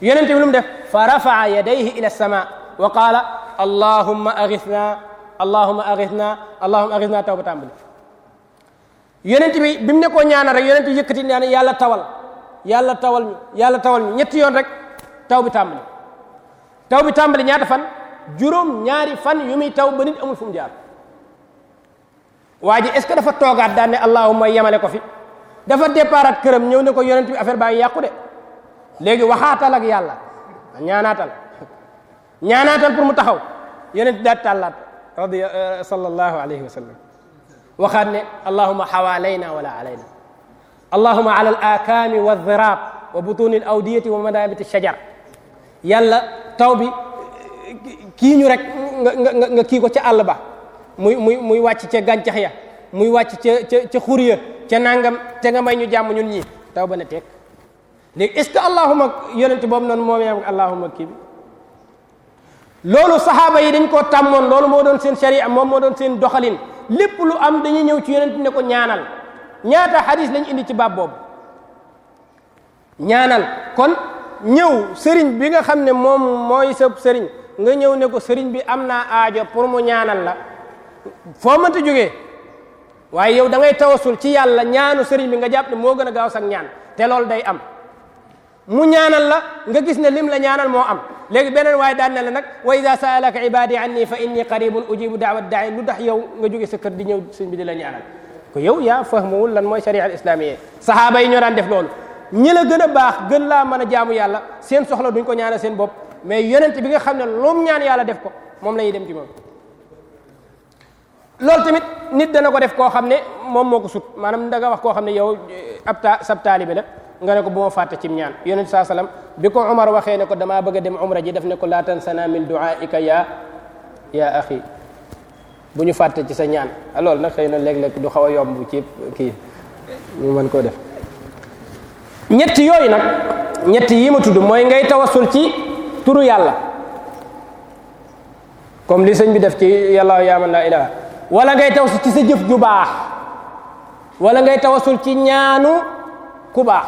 yonente bi lu mu def fa rafaa yadayhi ila sama wa qaala allahumma aghithna allahumma aghithna allahumma aghithna taw ba tàmbali yonent bi bi mu ne koo ñaanal rek yonent bi yëkkati ñaan yàlla tawal yàlla tawal ñu yàlla tawal ñetti yoon rek taw bi tàmbali taw bi tàmbali ñaata fan juróom ñaari fan yu muy taw ba nit amul fu mu jaar waa ji est ce que dafa toogaat daan ne allahumma yemale ko fi dafa départat këram ñëw ne ko yonent bi affaire baa ngi yàqu de léegi waxaatal ak yàlla ñaanaatal naatal pour mu taxaw yonent daal tàllaat radi euh, sallallahu alayhi wa sallam waxaat ne allahuma wala alayna allahuma ala al akaami wa dhiraab wa wa madaabiti shajar taw bi kii ñu rek nga kii ko ca àll ba muy muy muy wàcc ca gàncax ya muy wàcc ca ca ca xur ya ca nangam te nga may ñu jàmm ñun ñii taw ba na teg léegi est ce que allahuma yonent boobu noonu moo yem ak kii bi loolu saxaaba yi dañ koo tàmmoon loolu moo doon seen sharia moom moo doon seen doxalin lépp lu am dañuy ñëw ci yonent ne ko ñaanal ñaata xadis lañ indi ci baab boobu ñaanal kon ñëw sëriñ bi nga xam ne moom mooy sa sëriñ nga ñëw ne ko sëriñ bi am naa aajo pour mu ñaanal la foo mënta jógee waaye yow da ngay tawasul ci yàlla ñaanu seriñ bi nga jàpp ne moo gën a gaaw sax ñaan te loolu day am mu ñaanal la nga gis ne lim la ñaanal moo am léegi beneen waaye daan na la nag wa ida saalaka ibadi anni fa inni qaribun ujibu daawat daai lu dax yow nga jóge sa kër di ñëw sëriñ bi di la ñaanal ko yow yaa fahmuwul lan mooy sharia al islamiyya sahaaba yi ñoo daan def ñi la gën a baax gën laa mën a jaamu yàlla seen soxla duñ ko ñaanal seen bopp mais yonent bi nga xam ne loom ñaan yàlla def ko moom la ñuy dem ci moom loolu tamit nit dana ko def koo xam ne moom moo ko sut maanaam da nga wax koo xam ne yow eh, ab ta sab taalibe la nga ne ko bu ma fàtte ñaan yonent bi saa salaam bi ko Umar waxee ne ko damaa bëgg a dem umra ji def ne ko laa tansana min duaika ya ya axi bu ñu fàtte ci sa ñaan loolu nag xëy na léeg-léeg du xaw a yomb ci kii ñu mën koo def ñetti yooyu nag ñetti yi ma tudd mooy ngay tawasul ci turu yàlla comme li sëñ bi def ci yàlla yaa man laa ilaha wala ngay tawasul ci sa jëf ju baax wala ngay tawasul ci ñaanu ku baax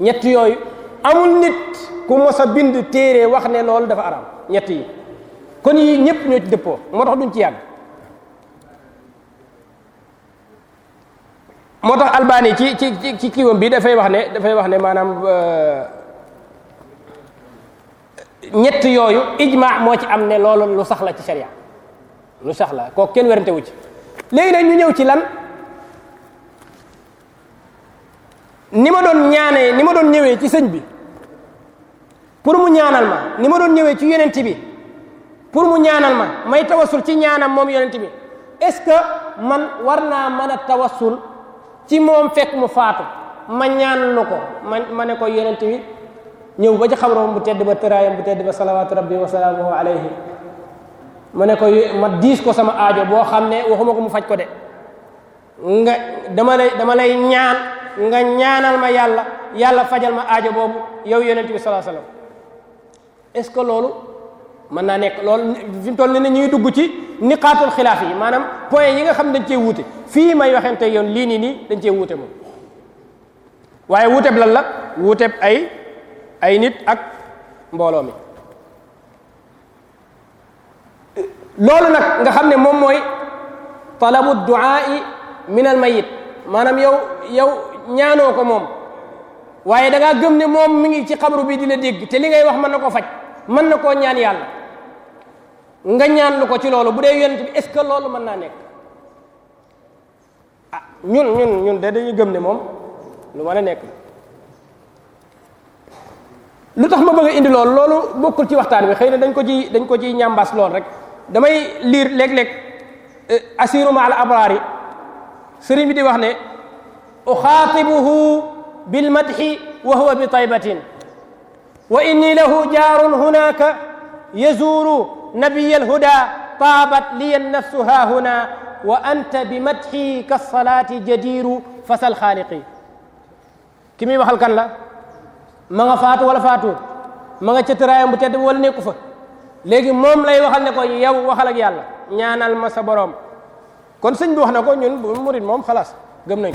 ñetti yooyu amul nit ku mos a bind téere wax ne loolu dafa araam ñetti yi kon yi ñëpp ñoo ci dëppoo moo duñ ci yàgg moo tax albani ci ci ci kiiwam bi dafay wax ne dafay wax ne maanaam euh, ñett yooyu ijma moo ci am ne loolu lu sax la ci sharia lu sax la kooku kenn werante ci léegi nag ñu ci lan ni ma doon ñaanee ni ma doon ñëwee ci sëñ bi pour mu ñaanal ma ni ma doon ñëwee ci yonent bi pour mu ñaanal ma may tawassul ci ñaanam moom yonent bi est-ce que man war naa mën a tawassul ci moom fekk mu faatu ma ñaan lu ko ma ma ne ko yonent bi ñëw ba ci xabroom bu tedd ba tëraayam bu tedd ba salawaatu rabbi wa salaamuhu alayhi ma ne ko ma diis ko sama aajo boo xam ne waxuma ko mu faj ko de nga dama lay dama lay ñaan nga ñaanal ma yàlla yàlla fajal ma aajo boobu yow yonent bi salaa salaam est loolu mën naa nekk loolu fi mu toll ni ne ñuy dugg ci niqaatul xilaaf yi maanaam point yi xam dañ cee wuute fii may waxante yoon lii nii nii dañ cee wuute moom waaye wuuteb lan la wuuteb ay ay nit ak mbooloo mi loolu nag nga xam ne moom mooy talabu duaai min al mayit maanaam yow yow ñaanoo ko moom waaye danga ngaa gëm ne moom mi ngi ci xabru bi di la dégg te li ngay wax mën na ko faj mën na koo ñaan yàlla nga ñaan lu ko ci loolu bu dee yonent bi est-ce que loolu mën naa nekk ah ñun ñun ñun de dañu gëm ne moom lu mën a nekk lu tax ma bëgg a indi loolu loolu bokkul ci waxtaan bi xëy na dañ ko ci dañ ko ci ñàmbaas lool rek damay liir léeg-léeg eh, asiru ma al abraar sëriñ bi di wax ne bi bil madxi wa huwa bi taybatin wa inni lahu jaarun hunaka yazuru nabiya alhuda taabat liya annafsu ha huna wa anta bi madxi kasalaati jadiru fasal xaaliqi ki muy waxal kan la ma nga faatu wala faatu ma nga cëtëraayam bu tedd wala nekku fa léegi moom lay waxal ne ko yow waxal ak yàlla ñaanal ma sa borom kon sëñ bi wax na ko ñun murid moom xalaas gëm nañ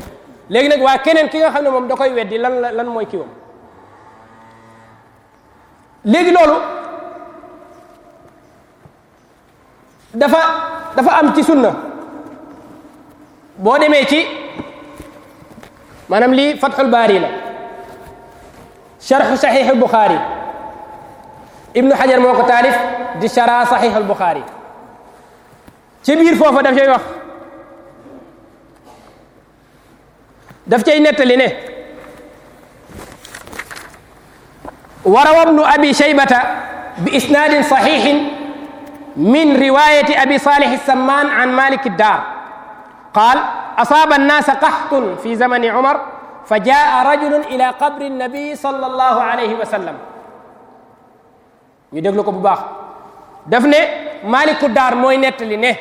léegi nag waa keneen ki nga xam ne moom da koy weddi lan la lan mooy kiwam léegi loolu dafa dafa am ci sunna boo demee ci maanaam lii Fathul Baari la sharh Sahih al-Bukhari Ibnu Hajar moo ko taalif di shara Sahih al-Bukhari ci biir foofa daf cay wax daf cay nettali ne وروى ابن أبي شيبة بإسناد صحيح من رواية أبي صالح السمان عن مالك الدار قال أصاب الناس قحط في زمن عمر فجاء رجل إلى قبر النبي صلى الله عليه وسلم ñu déglu ko bu baax daf ne Maliku Daar mooy nettali ne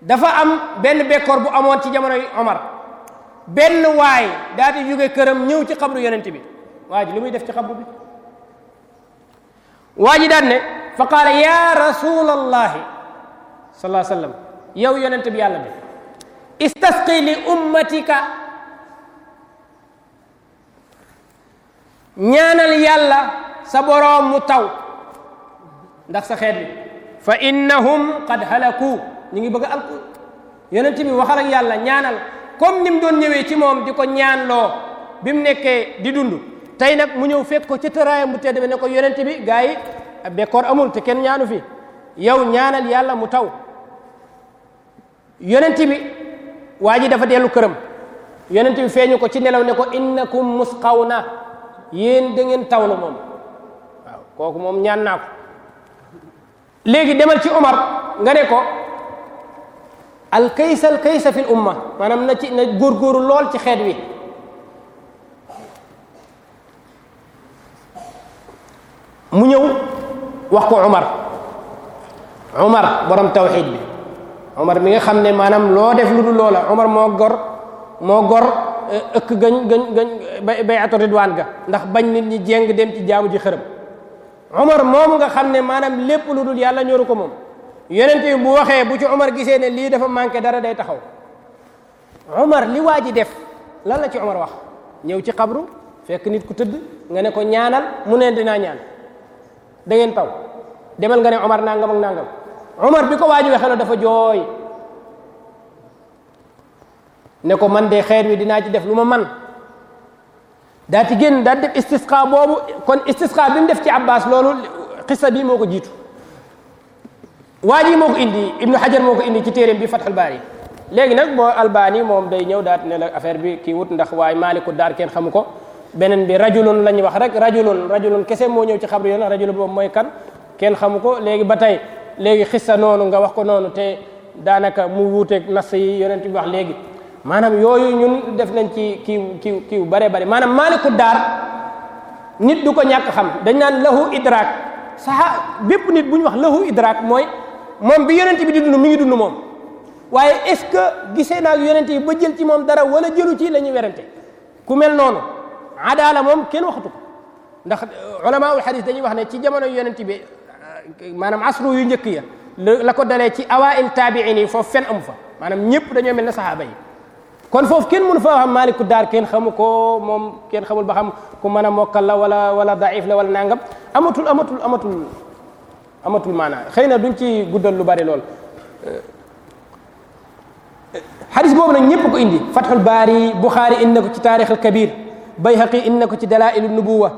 dafa am benn bekkoor bu amoon ci jamonoy Omar benn waay daal di jóge këram ñëw ci xabru yonent bi waa ji lu def ci xabru bi waa ji daan ne fa qaala ya rasulallahi sallallahu alayhi wa sallam yow yonent yàlla bi li ummatika ñaanal yàlla sa boroom mu taw ndax sa xeet bi fa innahum qad halaku ñu ngi bëgg a alku yonent bi waxal ak yàlla ñaanal comme ni mu ci moom di ko ñaanloo bi mu nekkee di dund tey nag mu ñëw fekk ko ci tëraayam bu tedd bi ne ko yonent bi gaa yi bekkoor amul te kenn ñaanu fi yow ñaanal yàlla mu taw yonent bi waa ji dafa dellu këram yonent bi feeñu ko ci nelaw ne ko innakum musqawna yéen da ngeen tawlu moom waaw kooku moom ñaan naa léegi demal ci Omar nga ne ko alkaysa alkaysa fil umma maanaam na ci na góorgóoru lool ci xeet wi mu ñëwul wax ko Umar Umar borom tawxid bi Umar mi nga xam ne maanaam loo def lu dul loola Umar moo gor moo gor eh, ëkk gañ gañ gañ bay ato ridwaan ga ndax bañ nit ñi jéng dem ci jaamu ji xërëm Umar moom nga xam ne maanaam lépp lu dul yàlla ñoru ko moom yonent bi bu waxee bu ci Umar gisee ne lii dafa manqué dara day taxaw Umar li waa ji def lan la ci Umar wax ñëw ci xabru fekk nit ku tëdd nga ne ko ñaanal mu ne dinaa ñaan dangeen ngeen taw demal nga ne Omar nangam nangam Omar bi ko waaj a waxee dafa jooy ne ko man de xeer wi dinaa ci def lu ma man daa ci génn daa def istisqa boobu kon istisqa bi def ci Abbas loolu xissa bi moo ko jiitu waa ji moo ko indi Ibnu Hajar moo ko indi ci tere bi Fathul Baari léegi nag boo Albani moom day ñëw daat ne la affaire bi ki wut ndax waaye Maaliku daar kenn xamu ko beneen bi rajulun la ñuy wax rek rajulun rajulun kese moo ñëw ci xabru yoon rajulun boobu mooy kan kenn xamu ko léegi ba tey léegi xissa noonu nga wax ko noonu te daanaka mu wuuteeg nas yi yonent bi wax léegi maanaam yooyu ñun def nañ ci kii kii kii bare bare maanaam maaliku daar nit du ko ñàkk xam dañ naan lahu idrak saxa bépp nit bu ñu wax lahu idrak mooy moom bi yonent bi di dund mi ngi dund moom waaye est ce que gisee naa ak yonent yi ba jël ci moom dara wala jëlu ci la ñuy werante ku mel noonu adaala moom kenn waxtu ko ndax ulamaul xadis dañuy wax ne ci jamono yonent bi maanaam asru yu njëkk ya la ko dalee ci awail taabiin yi foof fen amu fa maanaam ñëpp dañoo mel ne saxaaba yi kon foofu kenn mënu fa xam ku daar kenn xamu ko moom kenn xamu ba xam ku mën a mokkal la wala wala daif la wala nangam amatul amatul amatul amatul maanaa xëy na duñ ci guddal lu bari lool xadis boobu nag ñëpp ku indi fathul baari buxaari indi na ci taarix kabir bayhaqi indi na ko ci dalailu nubuwa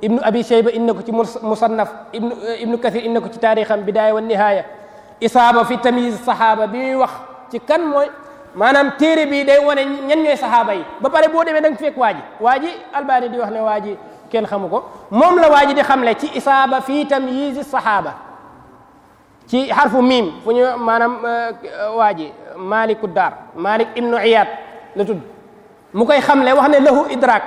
ibnu abi shayba indi na ko ci musannaf ibnu eh, ibnu kathir indi na ko ci taarixam bidaaya wa nihaaya isaaba fi tamyiz sahaaba bi muy wax ci kan mooy maanaam téere bi day wane ñan ñooy sahaaba yi ba pare boo demee da nga fekk waa ji waa ji albani di wax ne waa ji kenn xamu ko moom la waa ji di xamle ci isaaba fi tamyiz sahaaba ci xarfu miim fu ñu maanaam eh, waa ji maliku daar malik ibnu iyad la tudd mu koy xamle wax ne lahu idrak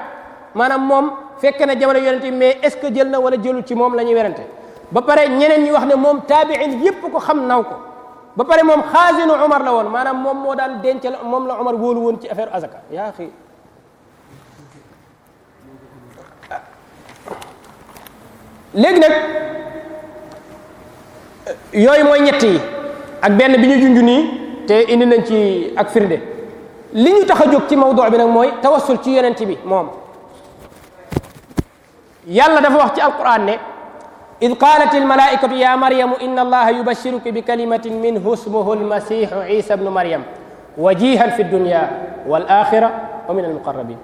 maanaam moom fekke na jamono yonent yi mais est ce que jël na wala jëlul ci moom la ñuy werante ba pare ñeneen ñi wax ne moom taabiin yépp ko xam naw ko ba pare moom xaasinu Omar la woon maanaam moom moo daan dence moom la Omar wóolu woon ci affaire azaka yaa xi léegi yooyu mooy ñett yi ak benn bi ñu junj nii te indi nañ ci ak firnde li ñu tax a jóg ci mawduu bi nag mooy tawassul ci yonent bi moom yàlla dafa wax ci alquran ne id qaalat almalaikatu ya maryamu inna allaha yubashiruki bi kalimatin minhu ismuhu almasihu isa bnu maryam wajihan fi dunya wal axira wa min almuqarrabin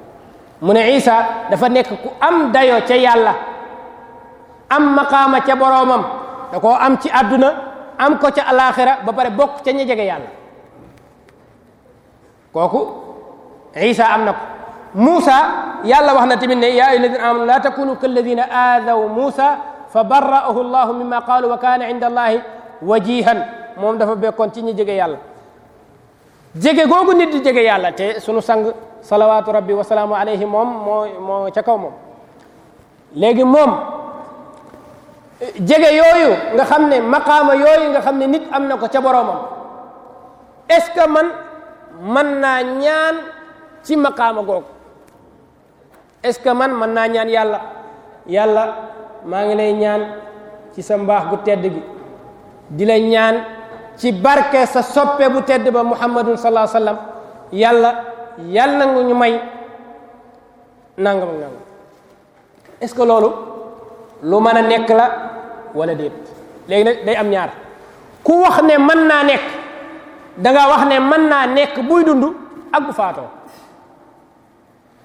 mu ne isa dafa nekk ku am dayo ca yàlla am maqaama ca boroomam da koo am ci àdduna am ko ca alaxira ba pare bokk ca ña jege yàlla kooku isa am na Muusa yàlla wax na tamit ne yaa ayyuha alladina amanu laa takunu ka alladina aadaw fa barra'ahu llahu mimma qaalu wa kaana inda allahi wajihan moom dafa bekkoon ci ñi jege yàlla jege googu nit di jege yàlla te sunu sang salawaatu rabbi wa salaamu alayhi moom moo moo ca kaw moom léegi moom jege yooyu nga xam ne maqaama yooyu nga xam ne nit am na ko ca boroomam est-ce que man mën naa ñaan ci maqaama googu est-ce que man mën naa ñaan yàlla yàlla maa ngi lay ñaan ci sa mbaax bu tedd bi di lay ñaan ci barke sa soppe bu tedd ba muhammadun sallallahu alayhi wasallam yàlla yàlla nga ñu may nangam ak nangam est-ce que loolu lu mën a nekk la wala déet léegi nag day am ñaar ku wax ne mën naa nekk danga wax ne mën naa nekk buy dund ak bu faatoo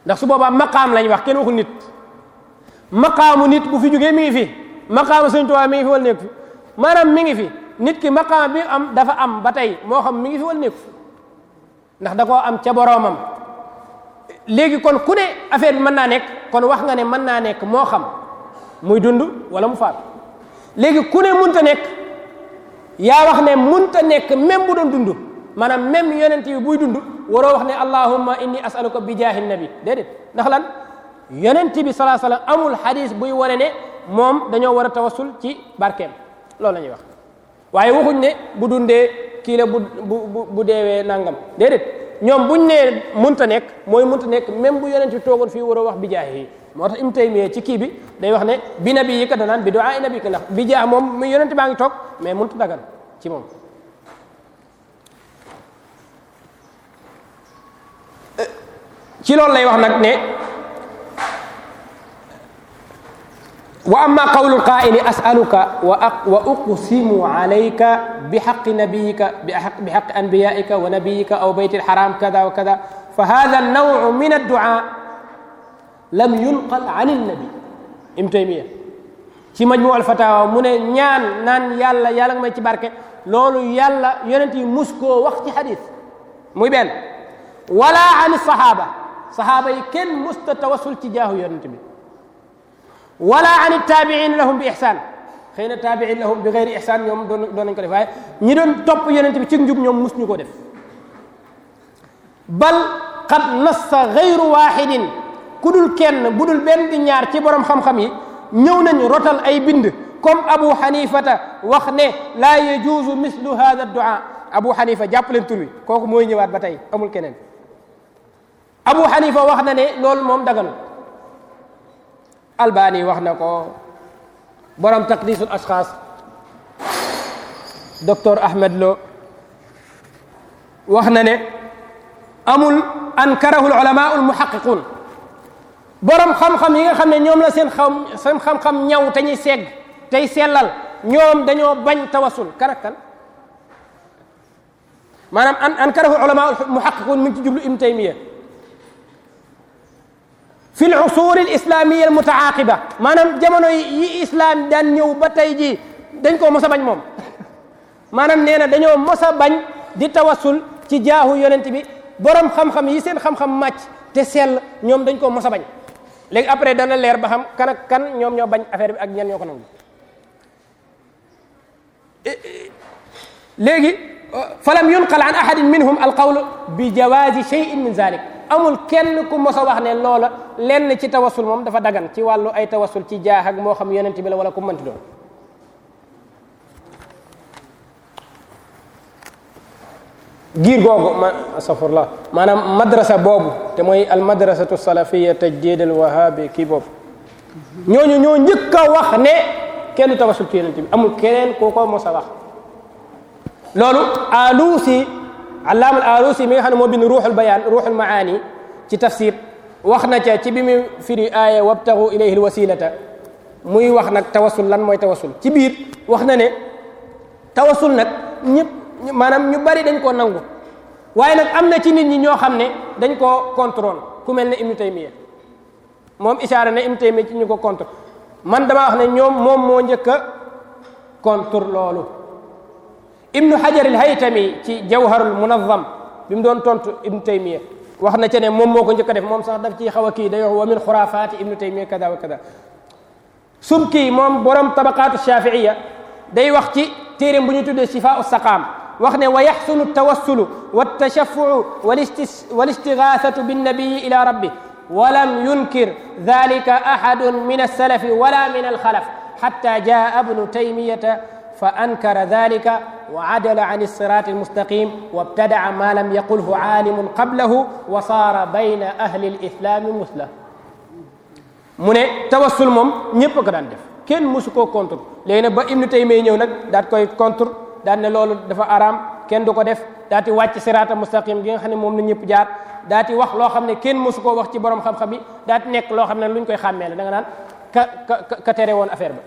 ndax su boobaa maqaam lañ wax kenn waxu nit maqaamu nit bu fi jógee mi ngi fi maqaamu Sëñ Tuubaa mi ngi fi wala nekk fi maanaam mi ngi fi nit ki maqaam bi am dafa am ba tey moo xam mi ngi fi wala nekk fi ndax da am ca boroomam léegi kon ku ne affaire bi mën naa nekk kon wax nga ne mën naa nekk moo xam muy dund wala mu faatu léegi ku ne munta nekk yaa wax ne munta nekk même bu doon dund maanaam même yonent bi buy dund waroo wax ne allahumma inni asaluka bi jaahi nabi déedéet ndax lan yonent bi salaa salaam amul xadis buy wane ne moom dañoo war a tawassul ci barkeem loolu la ñuy wax waaye waxuñ ne bu dundee kii la bu bu bu deewee nangam déedéet ñoom buñ nee munta nekk mooy munta nekk même bu yonent bi toogoon fii war a wax bi jaahi yi moo tax im taymiya ci kii bi day wax ne bi nabi yi ka danaan bi duaa nabi ka nax bi jaah moom mu yonent baa ngi toog mais munta dagan ci moom ci loolu lay wax nag ne wa amma qawlu qaa'ili as'aluka wa uqsimu alayka bi haqqi nabiyika bi haqqi anbiyaika wa nabiyika aw bayti alharam kada wa kada fa hadha an-naw'u min ad-du'a lam yunqal 'an an-nabi ibn Taymiyya ci majmu' al-fatawa mu ne ñaan naan yàlla yàlla nga may ci barke loolu yàlla yonent yi mus koo wax ci hadith muy benn wala 'an as-sahaba sahaaba yi kenn musta tawassul ci jaahu yonent bi wala an taabiin lahum bi ihsaan xëy na taabiin lahum bi gayri ihsaan ñoom doon doon nañ ko def waaye ñi doon topp yonent bi ci njub ñoom mus ñu ko def bal qad nassa gayru waaxidin ku kenn bu dul benn di ñaar ci borom xam-xam yi ñëw nañ rotal ay bind comme abu xanifata wax ne laa yajuuzu mislu hada du'a abu xanifa jàpp leen tur wi kooku mooy ñëwaat ba tey amul keneen abu xanifa wax na ne loolu moom daganu albani wax na ko borom taqdisul ashxaas docteur ahmed lo wax na ne amul ankarahu ulama ul muhaqiquun borom xam-xam yi nga xam ne ñoom la seen xam seen xam-xam ñaw te ñuy tey sellal ñoom dañoo bañ tawasul kan ak kan maanaam an ankarahu ulama ul muhaqiquun mi ngi jublu ibnu taymiya fi l usuur al islaamiya al mutaaqiba maanaam jamono yi islam dan ñëw ba tey ji dañ koo mos a bañ moom maanaam nee na dañoo mos a bañ di tawassul ci jaahu yonent bi borom xam-xam yi seen xam-xam màcc te sel ñoom dañ koo mos a bañ léegi après dana leer ba xam kan ak kan ñoom ñoo bañ affaire bi ak ñan ñoo ko nangu eh, eh, léegi falam yunqal an ahadin minhum alqawlu bi jawaazi shay'in min zalik amul kenn ku mos a wax ne loola lenn ci tawasul moom dafa dagan ci wàllu ay tawasul ci jaax moo xam yonent bi la wala ku mënti doon giir googu ma astafurlah maanaam madrasa boobu te mooy al madrasatu salafiya tajdid al wahabi kii boobu ñooñu ñoo njëkk wax ne kenn tawasul ci yonent bi amul keneen ku ko mos a wax loolu aluusi allaam al alusi mi nga xam ne moo bind ruuxul bayaan ruuxul maani ci tafsir wax na ca ci bi mu firi aaya wabtaxu ilayhi alwasilata muy wax nag tawasul lan mooy tawasul ci biir wax na ne tawasul nag ñëpp maanaam ñu bari dañ koo nangu waaye nag am na ci nit ñi ñoo xam ne dañ ko contrôle ku mel ne ibnu taymiya moom isaara na ibnu taymiya ci ñu ko contre man dama wax ne ñoom moom moo njëkk a contre loolu ibnu hajar al haytami ci jawharul munazzam bi mu doon tontu ibnu taymiya wax na ca ne moom moo ko njëkk a def moom sax daf ci xaw a kii day wax wa min xuraafaati ibnu taymiya kada wa kada subki moom borom tabaqaatu shafiiya day wax ci téeréem bu ñu tuddee shifaau saqaam wax ne wa yaxsunu tawassulu waltashafuu walistigaasatu binnabiyi ila rabbi walam yunkir dalika ahadun min alsalafi wala min alxalaf xatta jaa abnu taymiyata فأنكر ذلك وعدل عن الصراط المستقيم وابتدع ما لم يقله عالم قبله وصار بين أهل الإسلام مثله mu ne tawassul moom ñépp ko daan def kenn mësu koo contre léegi nag ba Ibnu Taymiya ñëw nag daat koy contre daan ne loolu dafa araam kenn du ko def daati wacc sirata mustaqim gi nga xam ne moom la ñëpp jaar daati wax loo xam ne kenn mësu koo wax ci borom xam-xam yi daati nekk loo xam ne lu ñu koy xàmmee la da naan ka ka tere woon affaire ba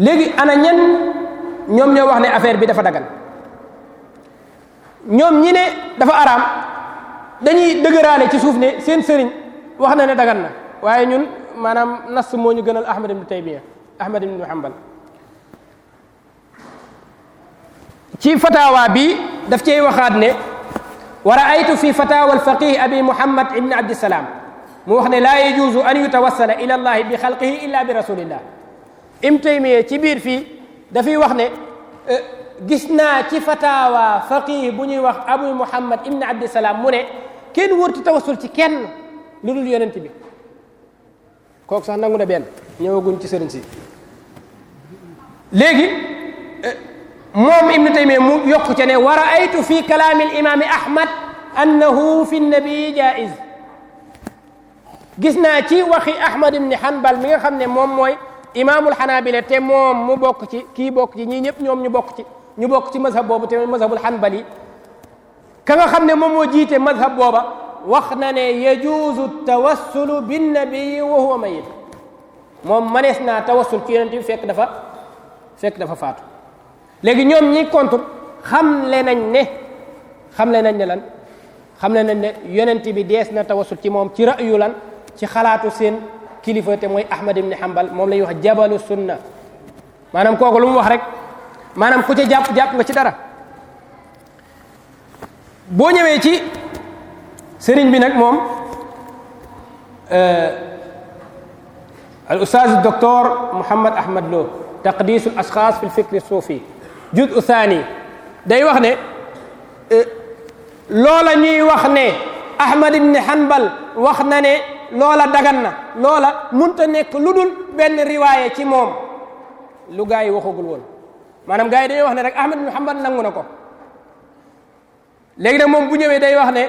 léegi ana ñan ñoom ñoo wax ne affaire bi dafa dagan ñoom ñi ne dafa araam dañuy dëgëraale ci suuf ne seen sëriñ wax na ne dagan na waaye ñun maanaam nas moo ñu gënal Ahmad ibnu Taymiya Ahmad ibnu Hanbal ci fatawa bi daf cee waxaat ne wa raaytu fi fatawa alfaqih abi muhammad ibni abdisalaam mu wax ne laa yajuuzu an yutawassala ila allahi bi xalqihi illa bi rasulillah Ibn Taymiyya ci biir fii dafay wax ne euh, gis naa ci fataawa faqih bu ñuy wax Abu Muhammad Ibn Abdissalaam mu ne kenn wërtu tawassul ci kenn lu dul yonent bi kooku sax nangu na benn ñëwaguñ ci sëriñ si léegi euh, moom Ibn Taymiyya mu yokk ca ne wa fi kalaami al Ahmad annahu fi nabi jaiz gis naa ci waxi Ahmad ibn Hanbal mi nga xam ne moom mooy imaamul xanaabila te moom mu bokk ci kii bokk ci ñii ñëpp ñoom ñu bokk ci ñu bokk ci mazhab boobu te mazhabul xanbali ka nga xam ne moom moo jiite mazhab booba wax na ne yajuuzu bi binnabii wa huwa mayit moom manees naa tawassul ci yonent bi fekk dafa fekk dafa faatu léegi ñoom ñi contre xam le nañ ne xam le nañ ne lan xam le nañ ne yonent bi dees na tawassul ci moom ci ra'yu lan ci xalaatu seen kilifa te mooy ahmad ibni hambal moom la ñuy wax jabalu sunna maanaam kooku lu mu wax rek maanaam ku ca jàpp jàpp nga ci dara boo ñëwee ci sëriñ bi nag moom euh, al ustaaz doktor Mouhammad Ahmad Lo taqdisul asxaas fi lfikri suufi juz thani day wax ne euh, loola ñuy wax ne Ahmad ibni Hanbal wax na ne loola dagan na loola munta nekk lu dul benn riwaaye ci moom lu gaa yi waxagul woon maanaam gaa yi dañuy wax ne rek Ahmad ibn Hanbal nangu na ko léegi nag moom bu ñëwee day wax ne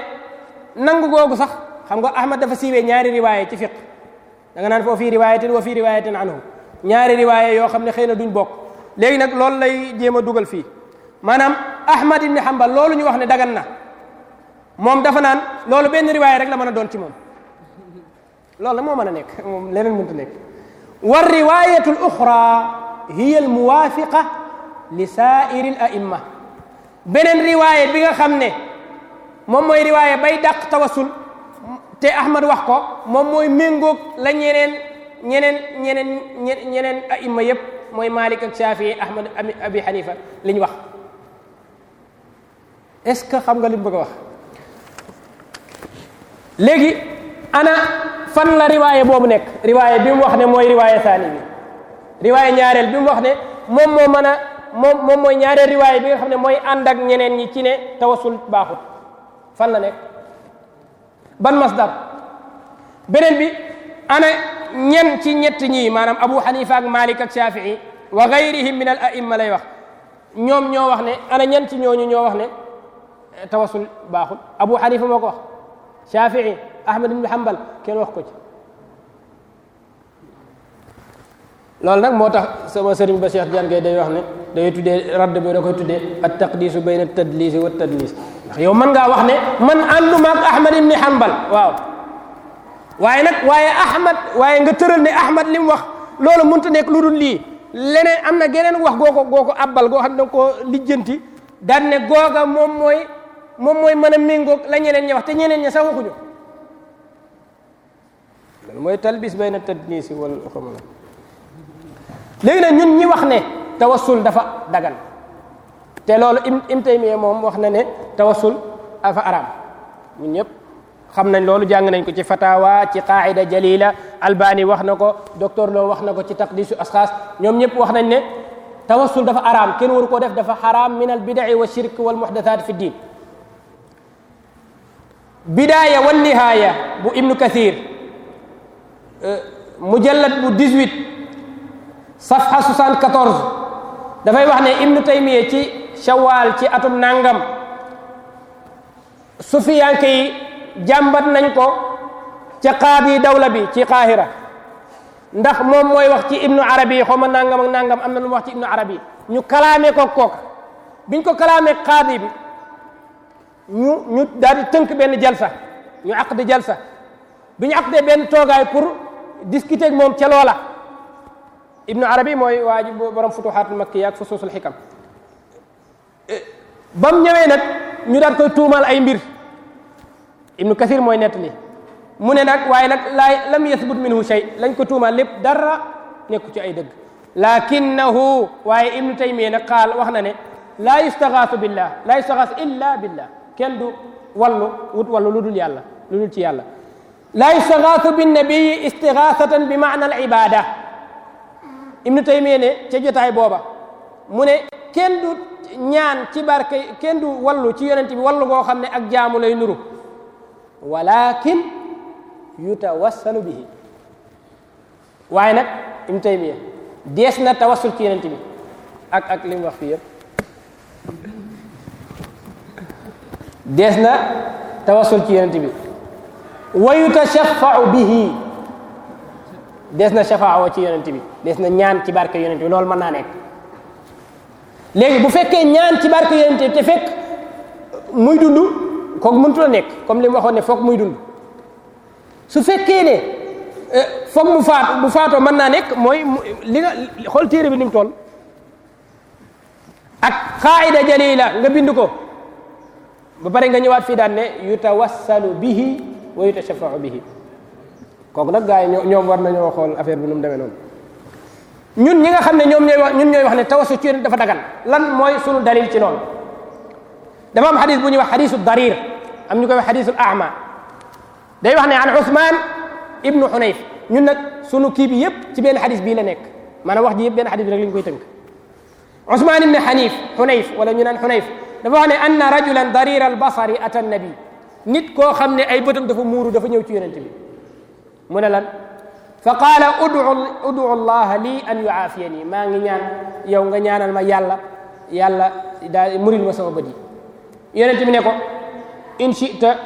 nangu googu sax xam nga Ahmad dafa siiwee ñaari riwaaye ci fiq da naan foo fii riwaayatin wa fii riwaayatin anhu ñaari riwaaye yoo xam ne xëy na duñ bokk léegi nag loolu lay jéem a dugal fii maanaam Ahmad ibn Hanbal loolu ñu wax ne dagan na moom dafa naan loolu benn riwaaye rek la mën a doon ci moom loolu la moo mën a nekk moom leneen mënta nekk wa riwayatu l oxra hiya al muwaafiqa li saairi aimma beneen riwaayé bi nga xam ne moom mooy riwaayé bay dàq tawasul te ahmad wax ko moom mooy méngoog la ñeneen ñeneen ñeneen ñeneen aimma yépp mooy malik ak shafii ahmad abi hanifa li ñu wax est ce que xam nga li mu wax ana fan la riwaaye boobu nekk riwaaye bi mu wax mooy riwaaye saani bi riwaaye ñaareel bi mu wax ne moom moo mën a moom mooy ñaareel riwaaye bi nga xam ne mooy ànd ak ñeneen ñi ci ne tawasul baaxut fan la nekk ban masdar beneen bi ana ñen ci ñett ñii maanaam abu xanifa ak malik ak shafii wa gayrihim min al aimma lay wax ñoom ñoo wax ne ana ñen ci ñooñu ñoo wax ne tawasul baaxut abu xanifa moo ko shafii ahmad ibn hanbal kenn wax ko ci loolu nag moo tax sama sëriñ ba Cheikh Diagne Gaye day wax ne day tuddee radd bi da koy tuddee at taqdiisu bayna tadliisi wa tadliis ndax yow mën ngaa wax ne man ànduma ak ahmad ibn hanbal waaw waaye nag waaye ahmad waaye nga tëral ne ahmad li mu wax loolu mënta nekk lu dul lii leneen am na geneen wax goo ko goo abbal goo xam ne ko koo lijjanti ne googa moom mooy moom mooy mën a méngoog la ñeneen ñi wax te ñeneen ñi sax mooy talbis bayna tadnisi wal xam na léegi nag ñun ñi wax ne tawassul dafa dagan te loolu im moom wax na ne tawassul afa araam ñun ñëpp xam nañ loolu jàng nañ ko ci fatawa ci qaida jalila albani wax na ko docteur Lo wax na ko ci taqdisu asxaas ñoom ñëpp wax nañ ne tawassul dafa araam kenn waru koo def dafa xaraam min al bidai wa shirk wal muhdathat fi diin bidaaya wan nihaaya bu ibnu kathir mujallat bu 18 safha 74 dafay wax ne ibnu taymiya ci shawal ci atum nangam sufiyanke yi jàmbat nañ ko ca qaadi dawla bi ci qaahira ndax moom mooy wax ci ibnu arabi yi xaw ma nangam ak nangam am na lu wax ci ibnu arabi yi ñu kalaame ko kook biñ ko kalaame qaadi bi ñu ñu tënk benn jalsa ñu aqdi jalsa bi ñu aqdee benn toogaay pour discuter ak moom ca loola ibnu arabi mooy waa ji borom futuxaatul makkiya ak fusuusul xikam eh, ba mu ñëwee ñu daal koy tuumaal ay mbir ibnu kasir mooy nettali mu ne nag waaye nag laa lam yasbut minhu shay lañ ko tuumaal lépp dara nekku ci ay dëgg lakinnahu waaye ibnu taymiya nag xaal wax na ne laa yustaxaasu billah laa yustaxaasu illa billah kenn du wallu lu dul yàlla ci yàlla laa yustagaathu binnabii istigaasatan bi maana al ibada ibnu taymiya ne ca jotaay booba mu ne kenn du ñaan ci barke kenn du wallu ci yonent bi wallu goo xam ne ak jaamu lay nuru walakin yutawassalu bihi waaye nag ibnu taymiya dees na tawassul ci yonent bi ak ak lim wax fii dees na tawassul ci yonent bi wa yutashaffau bihi des na shafaawa ci yonent bi des na ñaan ci barke yonent loolu mën naa nekk léegi bu fekkee ñaan ci barke yonent bi te fekk muy dund kook mëntu la nekk comme li waxoon ne foog muy dund su fekkee ne euh, foog mu bu faatoo mën naa nekk mooy li nga xool téere bi ni mu toll ak qaida jalila nga bind ko ba bari nga ñëwaat fii daan ne yutawassalu bihi wa yutashafa'u bihi kooku nag gars yi ñoom war nañoo xool affaire bi nu mu demee noonu ñun ñi nga xam ne ñoom ñooy wax ñun ñooy wax ne tawassul ci yonent dafa dagan lan mooy sunu dalil ci noonu dafa am xadis bu ñuy wax xadisu darir am ñu koy wax xadisul ama day wax ne an Usman ibnu Hunayf ñun nag sunu kii bi yëpp ci benn xadis bii la nekk maanaam wax ji yëpp benn xadis lañ koy tënk Usman ibnu Hanif Hunayf wala ñu naan Hunayf dafa wax ne anna rajulan darir al basari ata annabi nit koo xam ne ay bëtam dafa muuru dafa ñëw ci yonent bi mu ne lan fa qaala udu udu llaha lii an yuaafiyani maa ngi ñaan yow nga ñaanal ma yàlla yàlla daal muril ma sama bët yi yonent bi ne ko in shita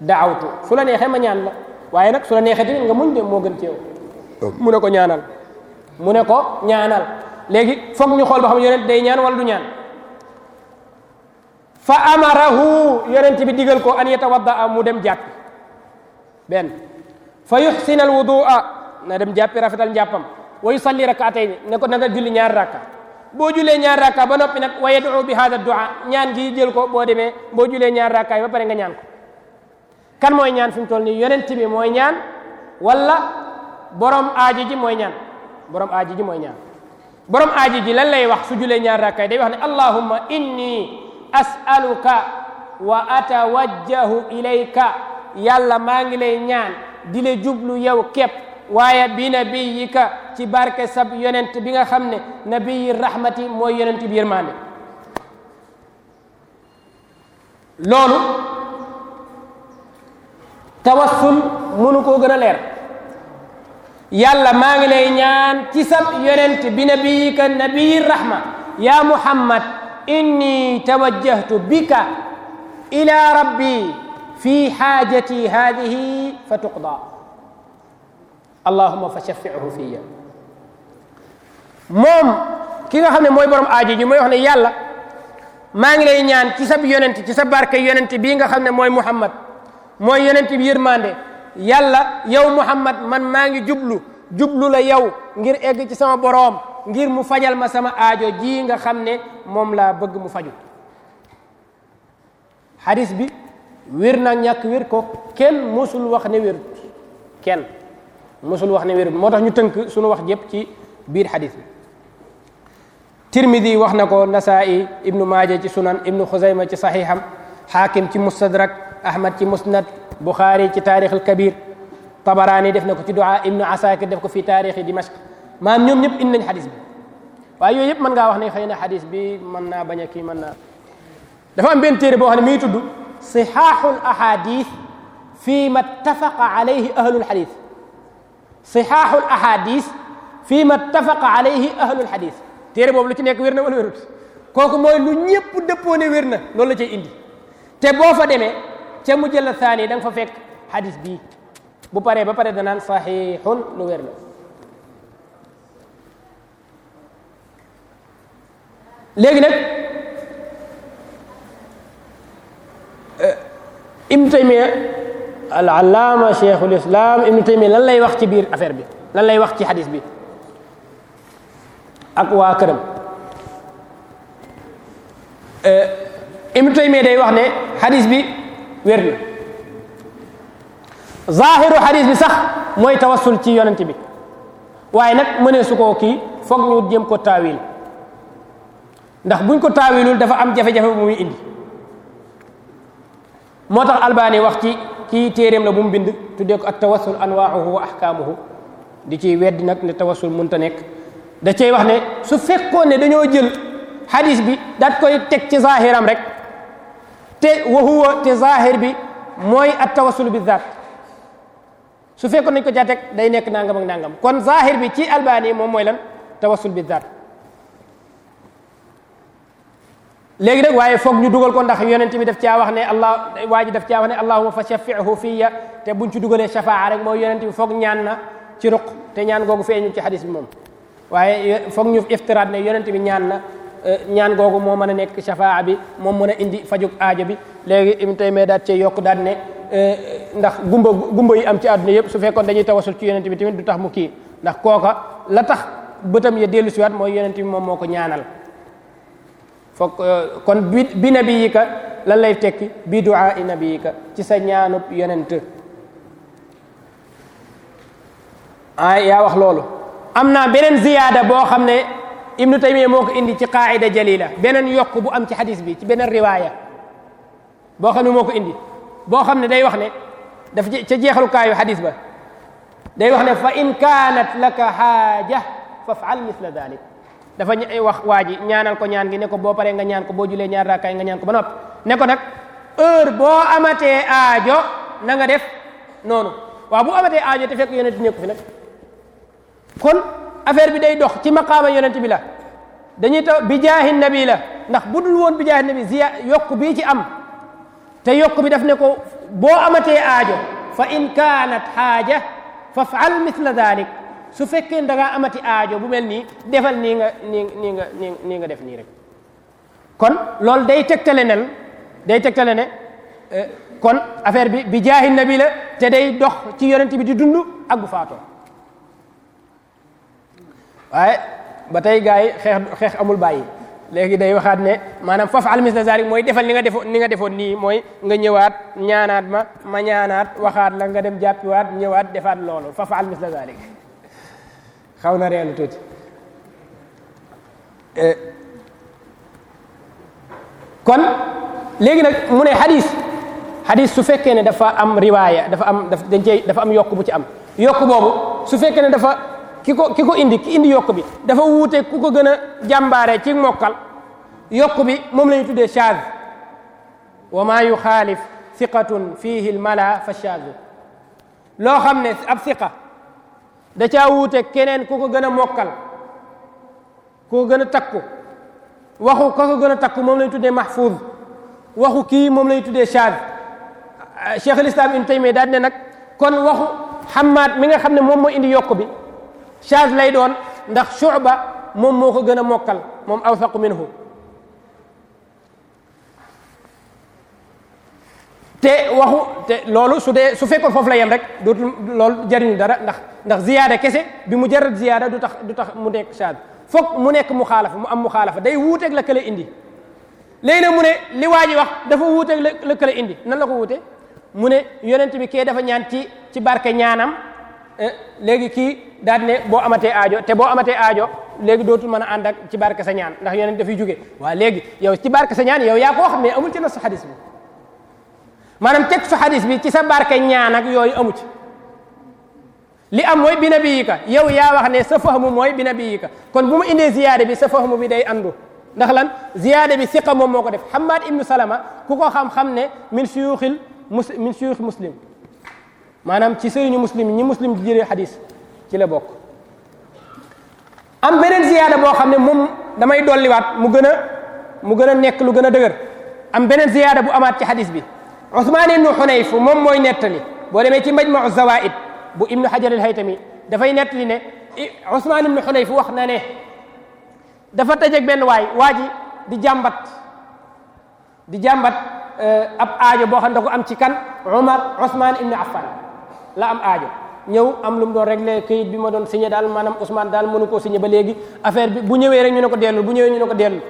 daawtu su la neexee ma ñaan la waaye nag su la neexee tamit nga muñ moo gën ci yow mu ne ko ñaanal mu ne ko ñaanal léegi foog ñu xool ba xam yonent day ñaan wala du ñaan fa amarahu yonent bi digal ko an yatawadda mu dem jàpp benn fa yuxsina alwudua na dem jàppi rafetal njàppam wa yusalli rakaatayni ne ko na nga julli ñaari rakka boo julee ñaari rakka ba noppi nag wa yadu bi hada dua ñaan gi jël ko boo demee boo julee ñaari rakka yi ba pare nga ñaan ko kan mooy ñaan fi mu toll nii yonent bi mooy ñaan wala borom aaji ji mooy ñaan borom aaji ji mooy ñaan borom aaji ji lan lay wax su julee ñaari rakka yi as'aluka wa atawajjahu ilayka yàlla maa ngi lay ñaan dila jublu yow kepp waaye bi nabiyika ci barke sab yonent bi nga xam ne nabiyi rahmati mooy yonent bi yërmande loolu tawassul mënu koo gën a leer yàlla maa ngi lay ñaan ci sab yonent bi nabiyika nabiyi rahma ya muhammad إني توجهت بك إلى ربي في حاجتي هذه فتقضى اللهم فشفعه فيا moom ki nga xam ne mooy borom aajo ji mooy wax ne yàlla maa ngi lay ñaan ci sa yonent ci sa barke yonent bi nga xam ne mooy Muhammad mooy yonent bi yërmande yàlla yow Muhammad man maa ngi jublu jublu la yow ngir egg ci sama boroom ngir mu fajal ma sama aajo nga xam ne moom laa bëgg mu faju xadis bi wér naag ñàkk wér ko kenn mosul wax ne wérut kenn mosul wax ne wérut moo tax ñu tënk sunu wax jëpp ci biir xadis bi tirmidi wax na ko nasaa'i ibnu maaja ci sunan ibnu xuzayma ci saxiixam xaakim ci mustadrak ahmad ci musnad buxaari ci taarix al kabir tabaraani def na ko ci duaa ibnu asakir def ko fi taarixi dimashq maam ñoom ñëpp indi nañ xadis bi waaye yooyu yëpp mën ngaa wax ne xëy na xadis bi mën naa bañ a kii mën naa dafa am benn téere boo xam ne mi ngi tudd sixaaxul ahadis fi ma tafaqa alayhi ahlul xadis sixaaxul ahadis fi ma tafaqa alayhi ahlul xadis téere boobu lu ci nekk wér na wala wérut kooku mooy lu ñëpp dëppoo ne wér na loolu la cay indi te boo fa demee ca mujjal saani da fa fekk xadis bi bu paree ba pare danaan saxiixun lu wér la léegi nag eh, ibnu taymiya al allaama cheikhul islam ibnu taymiya lan lay wax ci biir affaire bi lan lay wax ci xadis bi ak waa këram eh, ibnu taymiya day wax ne xadis bi wér na zaahiru xadis bi sax mooy tawassul ci yonent bi waaye nag mënee su koo kii foog ñu jëm ko taawil ndax buñ ko taawilul dafa am jafe-jafe bu muy indi moo tax albani wax ci kii téeréem la bu mu bind tuddee ko ak tawassul anwaahu wa ahkaamuhu di ciy weddi nag ne tawassul mënta nekk da cay wax ne su fekkoon ne dañoo jël hadis bi daat koy teg ci zahiram rek te wa huwa te zahir bi mooy at tawassul bi su fekkoon nañ ko caa teg day nekk nangam ak nangam kon zahir bi ci albani moom mooy lan tawassul bi zaat léegi nag waaye foog ñu dugal ko ndax yonent bi daf caa wax ne allah waa ji daf caa wax ne allahuma fa shafihu fiya te buñ ci dugalee shafaa rek mooy yonent bi foog ñaan na ci ruq te ñaan googu feeñu ci xadis bi moom waaye foog ñu iftiraat ne yonent bi ñaan na euh, ñaan googu moo mën a nekk shafaa bi moom mën a indi fajug aajo bi léegi im tey mee daat cee yokk daat ne euh, ndax gumba gumba yi am ci àdduna yëpp su fekkoon dañuy tawasul ci yonent bi tamit du tax mu kii ndax kooka la tax bëtam ya dellu siwaat mooy yonent bi moom moo ko ñaanal foog euh, kon bi bi nabiyika lan lay tekki bi duaa i nabiyika ci sa ñaanub yonent a yaa wax loolu am naa beneen ziyaada boo xam ne ibnu taymiya moo ko indi ci qaida jalila beneen yokk bu am ci xadis bi ci beneen riwaaya boo xam ne moo ko indi boo xam ne day wax ne daf ca jeexalukaayu xadis ba day wax ne fa in kaanat laka xaaja fafal misla dalik dafa wax waa ji ñaanal ko ñaan gi ne ko boo paree nga ñaan ko boo julee ñaar raakaay nga ñaan ko ba noppi ne ko nag boo amatee aajo na nga def noonu waaw boo amatee aajo te fekk yonent nekku fi nag kon affaire bi day dox ci maqaama yonent bi la dañuy taw bi nabi la ndax bu dul woon bi jaahi nabi ziya yokk bii ci am te yokk bi daf ne ko boo amatee aajo fa in kaanat xaaja fafal misla dalik su fekkee da ngaa amati aajo bu mel nii defal nii nga nii nii nga nii nii nga def nii rek kon loolu day tegtale nel day tegtale ne eh, kon affaire bi bi na nabi la te day dox ci yonent bi di dund ak bu faatoo waaye ba tey gars yi xeex xeex amul bàyyi léegi day waxaat ne maanaam faf al misla mooy defal ni nga defoon ni nga defoon nii mooy nga ñëwaat ñaanaat ma ma ñaanaat waxaat la nga dem jàppiwaat ñëwaat defaat loolu faf al misla kaw na reelu tuuti eh, kon léegi nag mu ne xadis xadis su fekkee ne dafa am riwaaya dafa am daf dafa am yokk bu ci am yokk boobu su fekkee ne dafa ki ko ki ko indi ki indi yokk bi dafa wuute ku ko gën a jàmbaare ci mokkal yokk bi moom la ñu tuddee shaaz wa maa yuxaalif siqatun fiihi lmala fa shaazu loo xam ne ab siqa da caa wuute keneen ku ko gën a mokkal ku ko gën a takku waxu ku ko gën a takku moom lañ tuddee mahfuz waxu kii moom lañ tuddee shaad cheikh al islam ibn taymiya daal ne nag kon waxu xamaat mi nga xam ne moom moo indi yokk bi shaad lay doon ndax shuba moom moo ko gën a mokkal moom awsaqu minhu te waxu te loolu su dee su fekkoon foofu la yem rek dootul loolu jëriñu dara ndax ndax ziyaada kese bi mu jarat ziyaada du tax du tax mu nekk shaad foog mu nekk mu xaalafa mu am mu xaalafa day wuuteeg la kële indi léegi nag mu ne li waa wax dafa wuuteeg la la indi nan la ko wuute mu ne yonent bi ke dafa ñaan ci ci barke ñaanam eh, léegi kii daal di ne boo amatee aajo te boo amatee aajo léegi dootu mën a ànd ak ci barke sa ñaan ndax yonent dafay jóge waaw léegi yow ci barke sa ñaan yow yaa ko wax amul ci nas hadiis bi maanaam texte xadis bi ci sa barke ñaan yooyu amu ci li am mooy bina bi ka yow yaa wax ne sa fahmu mooy bina bi ka kon bu mu indee ziyaade bi sa fahmu bi day andu ndax lan ziyaade bi siqa moom moo ko def Hammaad ibnu Salama ku ko xam-xam ne min suyuuxil mus min suyuux muslim maanaam ci sëriñu muslim ñi muslim di jëlee xadis ci la bokk am beneen ziyaada boo xam ne moom damay dolliwaat mu gën a mu gën a nekk lu gën a dëgër am beneen ziyaada bu amaat ci xadis bi Usmaan ibnu Xunayf moom mooy nettali boo demee ci Majmau Zawaid bu Ibnu Hajar al dafay nettali ne Usmaan ibnu Xunayf wax na ne dafa tëjeg benn waay waa di jàmbat di jàmbat eh, ab aajo boo xam da ko am ci kan Umar Usmaan ibnu Affan la am aajo ñëw am lu mu doon réglé këyit bi ma doon signé daal maanaam osmaan daal mënu koo signé ba léegi affaire bi bu ñëwee rek ñu ne ko dellu bu ñëwee ñu ko dellu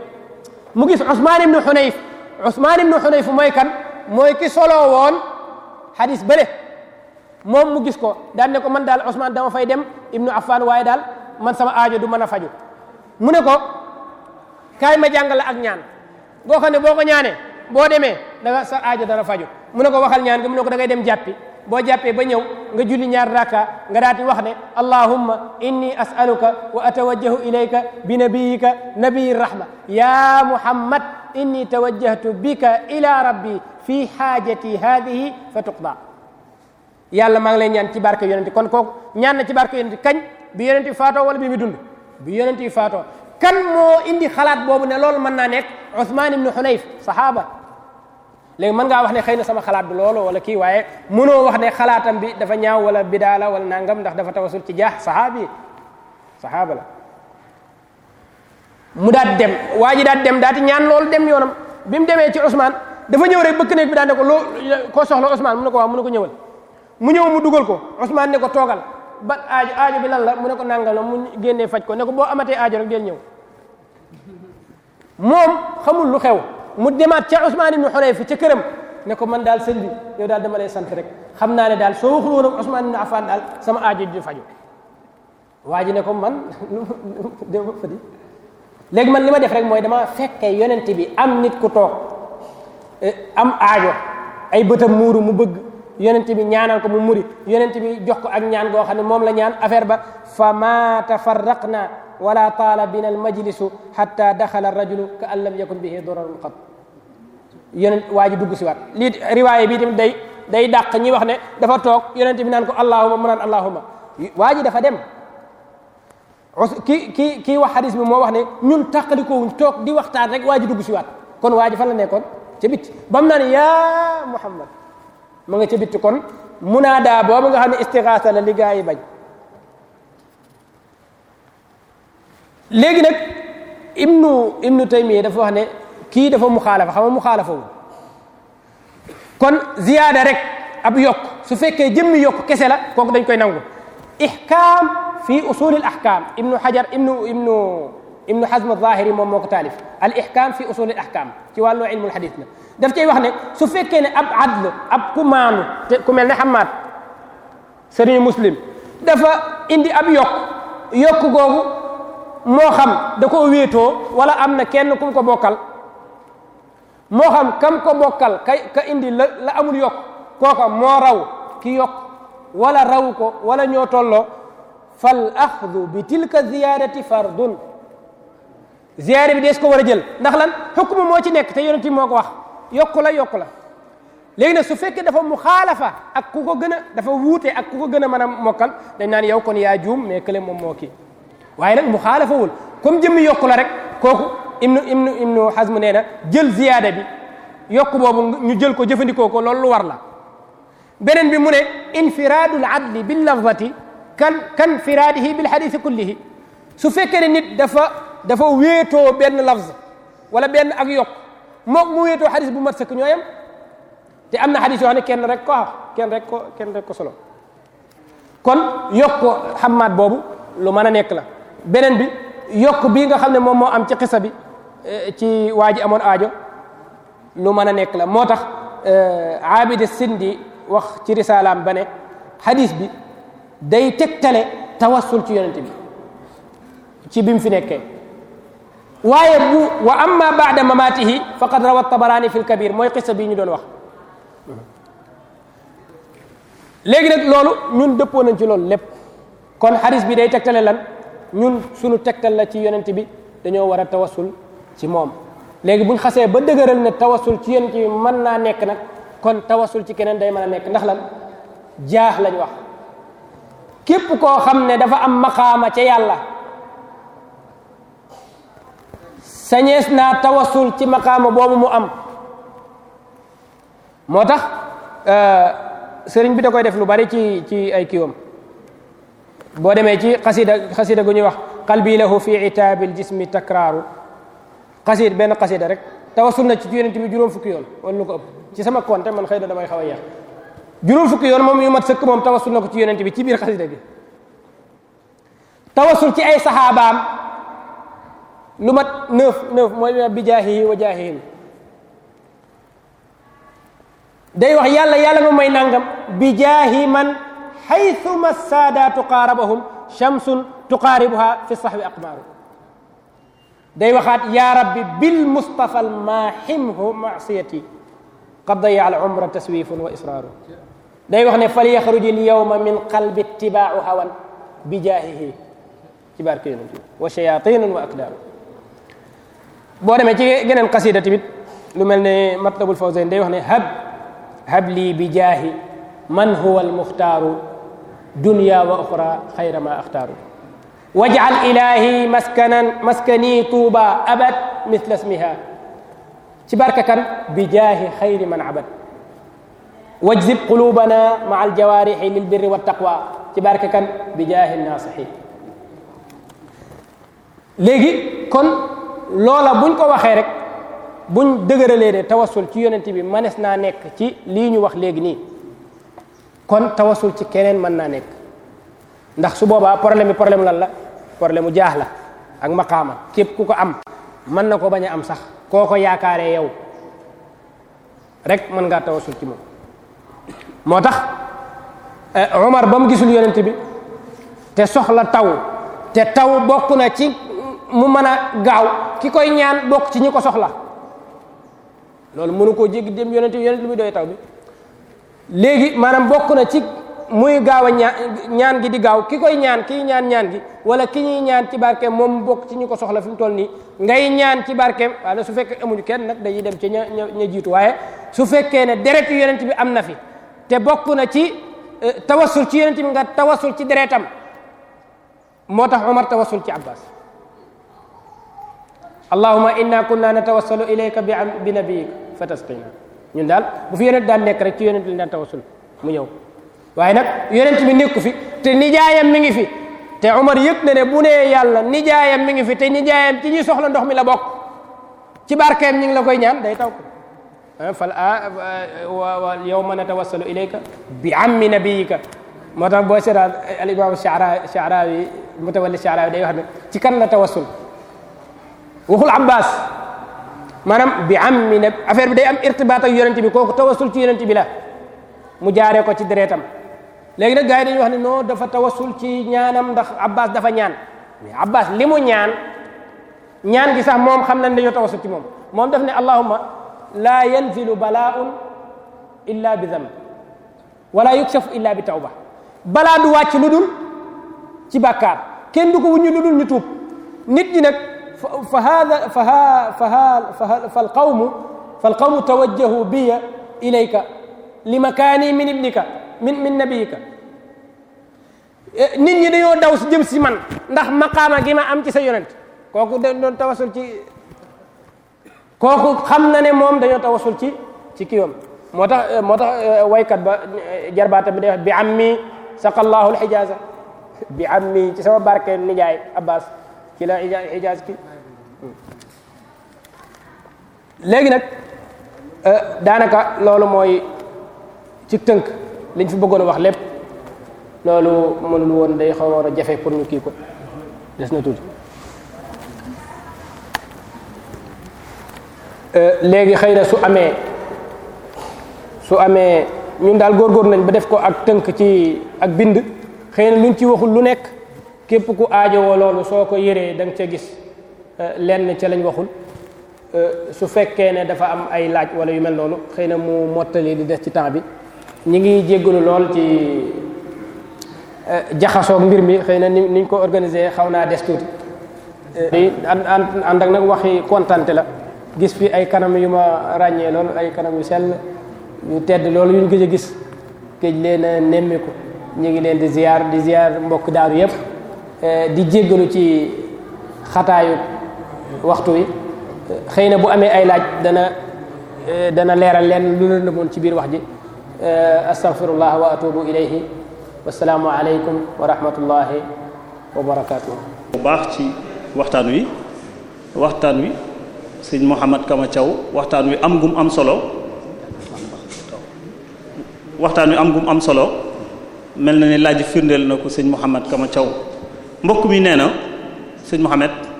mu gis Ousmane ibnu Xunayf Ousmane mooy kan mooy ki soloo woon xadis bële moom mu gis ko daan ne ko man daal Ousmane dama fay dem Ibnu Affan waaye daal man sama aajo du mën a faju mu ne ko kaay ma jàngal ak ñaan goo xam ne boo ko ñaanee boo demee danga sa aajo dana faju mu ne ko waxal ñaan nga mu ne ko da dem jàppi boo jàppee ba ñëw nga julli ñaar rakka nga daati wax ne allahumma inni as'aluka wa atawajjahu ilayka bi nabiyika nabiyi rahma ya muhammad inni tawajjahtu bika ila rabbi fii xaajati haadihi fa tuqda yàlla maa ngi lay ñaan ci barke yonente kon kooku ñaan na ci barke yonente kañ bi yonente bi faatoo wala bi mi dund bi yonente faato kan moo indi xalaat boobu ne lool mën naa nekk Usmaan ibnu Xunayf sahaaba léegi mën ngaa wax ne xëy na sama xalaat du loolu wala kii waaye mënoo wax ne xalaatam bi dafa ñaaw wala bidaala wala nangam ndax dafa tawasul ci jaax sahaabi sahaaba la mu daat dem waa ji daat dem daati ñaan loolu dem yoonam bi mu demee ci Usmaan dafa ñëw rek bëkk néeg bi daan ne ko loo koo soxla Ousmane mu ne ko waaw mu ne ko ñëwal mu ñëw mu dugal ko Ousmane ne ko toogal ba aajo aajo bi lan la mu ne ko nangal la mu génnee faj ko ne ko boo amatee aajo rek del ñëw moom xamul lu xew mu demaat ca Ousmane ibn Xunayf ca këram ne ko man daal sëñ bi daal dama lay sant rek xam naa ne daal soo waxul woon ak Ousmane ibn Affan daal sama aajo di faju waa ji ne ko man déma man li ma def rek mooy dama fekke yonent bi am nit ku toog Eh, am aajo ay bëtam muuru mu bëgg yonent bi ñaanal ko mu muri yonent bi jox ko ak ñaan goo xam ne moom la ñaan affaire ba fa ma tafarraqna wala taala bina al majlisu hatta daxala rajulu ka an lam yakun bihi dorarun qat yonent waa ji dugg si waat lii day day dàq ñi wax ne dafa toog yonent bi naan ko allahuma mu naan allahuma waa ji dafa dem ki ki kii wax xadis bi moo wax ne ñun tàqalikowuñ toog di waxtaan rek waa ji dugg siwaat kon waa ji fan la nekkoon ca bitti ba mu naan yaa Muhammad ma nga ca bitti kon munaadaa boobu nga xam ne la li gaa yi bañ léegi nag ibnu ibnu taymiya dafa wax ne kii dafa muxaalafa xam nga muxaalafa wu kon ziyaada rek ab yokk su fekkee jëmmi yokk kese la kooku dañ koy nangu ihkaam fi usulil ahkaam ibnu xajar ibnu ibnu ibnu xasm az-zahiri moom moo ko taalif al ihkam ci wàllu ilmul xadis la cay wax ne su fekkee ne ab adl ab ku maanu te ku mel ne xamaat dafa indi ab yokk yokk googu moo xam wala am na kenn kum ko bokkal moo xam kam ko bokkal indi la la amul yokk kooka moo raw ki yokk wala raw ko wala ñoo tollo fal axdu bi tilka ziyadati fardun ziyaare bi dees ko war a jël ndax lan xukmu moo ci nekk te yonent bi moo ko wax yokku la yokku la léegi nag su fekkee dafa mu xaalafa ak kuko ko gën a dafa wuute ak ku ko gën mën a mokkal dañ naan yow kon yaa juum mais kële moom moo waaye nag mu xaalafa wul comme jëmmi yokku la rek kooku ibnu ibnu ibnu xasmu nee na jël ziyaada bi yokku boobu ñu jël ko jëfandikoo ko loolu lu war la beneen bi mu ne infiraadul adli bil lafzati kan kan firaadihi bil xadiisi kullihi su fekkee ne nit dafa dafa wéetoo benn lafz wala benn ak yokk mook mu wéetoo xadis bu mat sëkk ñooyam te am na xadis yoo xam kenn rek ko kenn rek ko kenn rek ko solo kon yokk xamaat boobu lu mën a nekk la beneen bi yokk bii nga xam ne moom moo am ci xisa bi eh, ci waa ji amoon aajo lu mën a nekk la moo tax aabide eh, sindi wax ci risalaam ba ne xadis bi day teg tegtale tawassul ci yonent bi ci bi fi nekkee waaye bu wa amma baada mamaatihi faqad rawa tabaraani fi lkabir mooy qissa bii ñu doon wax léegi nag loolu ñun dëppoo nañ ci loolu lépp kon xadis bi day tegtale lan ñun suñu tegtal la ci yonent bi dañoo war a tawassul ci moom léegi buñ xasee ba dëgëral ne tawassul ci yonent bi man naa nekk nag kon tawassul ci keneen day mën a nekk ndax lan jaax lañ wax képp koo xam ne dafa am maqaama ce yàlla sañees naa tawasul ci maqaama boobu mu am moo tax euh, sëriñ bi da koy def lu bari ci ci ay kiwam boo demee ci xasida xasida gu ñuy wax qalbi lahu fi itaabil jismi takraaru xasid benn xasida rek tawasul na ci yonent bi juróom fukki yoon wala lu ko ëpp ci sama compte man xëy na damay xaw a yàq juróom fukki yoon moom yu mat sëkk moom tawasul na ko ci yonent bi ci biir xasida bi tawasul ci ay saxaabaam lu mat neuf neuf mooy bi jaahihi wa jaahihim day wax yàlla yàlla ma may nangam bi jaahi man xaytuma saada tuqaarabahum shamsun tuqaaribuha fi sahwi aqmaaru day waxaat yaa rabbi bil mustafa al maahimhu maasiyati qad daya al umra taswifun wa israaru day wax ne fal yaxruj al yawma min qalbi ittibaau hawan bi jaahihi ci barke yonent wa shayatin wa akdaaru boo demee ci geneen xasida tamit lu mel ne matlabul fawzayn day wax ne hab hab lii bi jaahi man huwa almuxtaaru dunya wa oxra xayra ma axtaaru wajal ilahi maskanan maskani tuuba abad misla smiha ci barka kan bi jaahi xayri man abad wajzib qulubana maa aljawaarixi lilbirri wattaqwa ci barka kan bi jaahi naasixi léegi kon loola buñ ko waxee rek buñ dëgëralee ne tawassul ci yonent bi manees naa nekk ci lii ñu wax léegi nii kon tawassul ci keneen mën naa nekk ndax su boobaa problème bi problème lan la problème mu jaax la ak maqaama képp ku ko am mën na ko bañ a am sax koo ko yaakaaree yow rek mën ngaa tawasul ci moom moo tax eh, Omar ba mu gisul yonent bi te soxla taw te taw bokk na ci mu mën a gaaw ki koy ñaan bokk ci ñi ko soxla loolu munu koo jéggi dem yonent bi yonent lu muy doy taw bi léegi maanaam bokk na ci muy gaaw a ñaan ñaan gi di gaaw ki koy ñaan kii ñaan ñaan gi wala ki ñuy ñaan ci barkeem moom bokk ci ñu ko soxla fi mu toll nii ngay ñaan ci barkeem waaye su fekkee amuñu kenn nag dañuy dem ci ña ña jiitu waaye su fekkee ne deret yu yonent bi am na fi te bokk na ci eh, tawassul ci yonent bi nga tawassul ci deretam moo tax Omar tawassul ci Abbas allahuma inna kunna natawassalu ilayka bi am bi nabiyika fa tasqina ñun daal bu fi yonent daan nekk rek ci yonent lañ daan tawassul mu ñëw waaye nag yonent bi nekku fi te nijaayam mi ngi fi te Umar yëg yàlla nijaayam mi ngi fi ni nijaayam ci ñuy soxla ndox mi la bokk ci barkeem ñu ngi la koy ñaan day taw ko ah, fal ah, ah, wa yawma natawassalu ilayka bi ammi nabiyika moo tax boo seetaan al imam Sha'rawi Sha'rawi mutawalli Sha'rawi day wax ne ci kan la tawassul waxul abbas maanaam bi am mi ne affaire bi day am irtibaat ak yonent bi kooku tawassul ci yonent bi la mu jaaree ko ci deretam léegi nag gars yi dañuy wax ne noo dafa tawassul ci ñaanam ndax abbas dafa ñaan mais abbas li ñaan ñaan gi sax moom xam nañ dañoo tawassul ci moom moom daf ne allahumma laa yanzilu balaaun illa bi damb wala yukshafu illa bi tawba balaa du wàcc lu dul ci bàkkaar kenn du wuñu lu dul ñu tuub nit فهذا فها فها فها فالقوم فالقوم توجهوا بي إليك لمكاني من ابنك من من نبيك nit ñi dañoo daw si jëm si man ndax maqaama gi ma am ci sa yonent kooku da doon tawasul ci kooku xam na ne moom dañoo tawasul ci ci kiwam moo tax moo tax eh, waykat ba eh, jarbaata bi day wax bi ammi saqallaahu alxijaasa bi ammi ci sama barke nijaay abbas ci la ijaas ki léegi nag euh, daanaka loolu mooy ci tënk liñ fi bëggoon wax lépp loolu mënul woon day xaw war a jafe pour ñu kii ko des na tuuti euh, léegi xëy na su amee su amee ñun daal góor góor nañ ba def ko ak tënk ci ak bind xëy na luñ ci waxul lu nekk képp ku aajowoo loolu soo ko yéree da nga ca gis euh, lenn ca lañ waxul Euh, su fekkee ne dafa am ay laaj wala yu mel noonu xëy na mu mottali di des ci temps bi ñi ngi jéggalu lool ci euh, jaxasoog mbir mi xëy na ni niñ ko organisé xaw naa des tuuti euh, ànd ak nag waxi kontante la gis fi ay kanam yu ma ràññee lool ay kanam yu sell yu tedd loolu yuñ gëj a gis géej leen a nemmiku ñu ngi leen di ziar di ziar mbokk daaru yëpp di jéggalu ci xataayu waxtu wi xëy na bu amee ay laaj dana eh, dana leeral leen lu lëndëmoon ci biir wax ji eh, astaghfirullah wa atubu ilayhi wasalaamu aleykum wa rahmatullahi wa barakatuh bu baax ci waxtaan wi waxtaan wi sëñ Mouhamad Kama Thiaw waxtaan wi am gum am solo waxtaan wi am gum am solo mel na ni laaj firndeel na ko sëñ Mouhamad Kama Thiaw mbokk mi nee na sëñ Mouhamad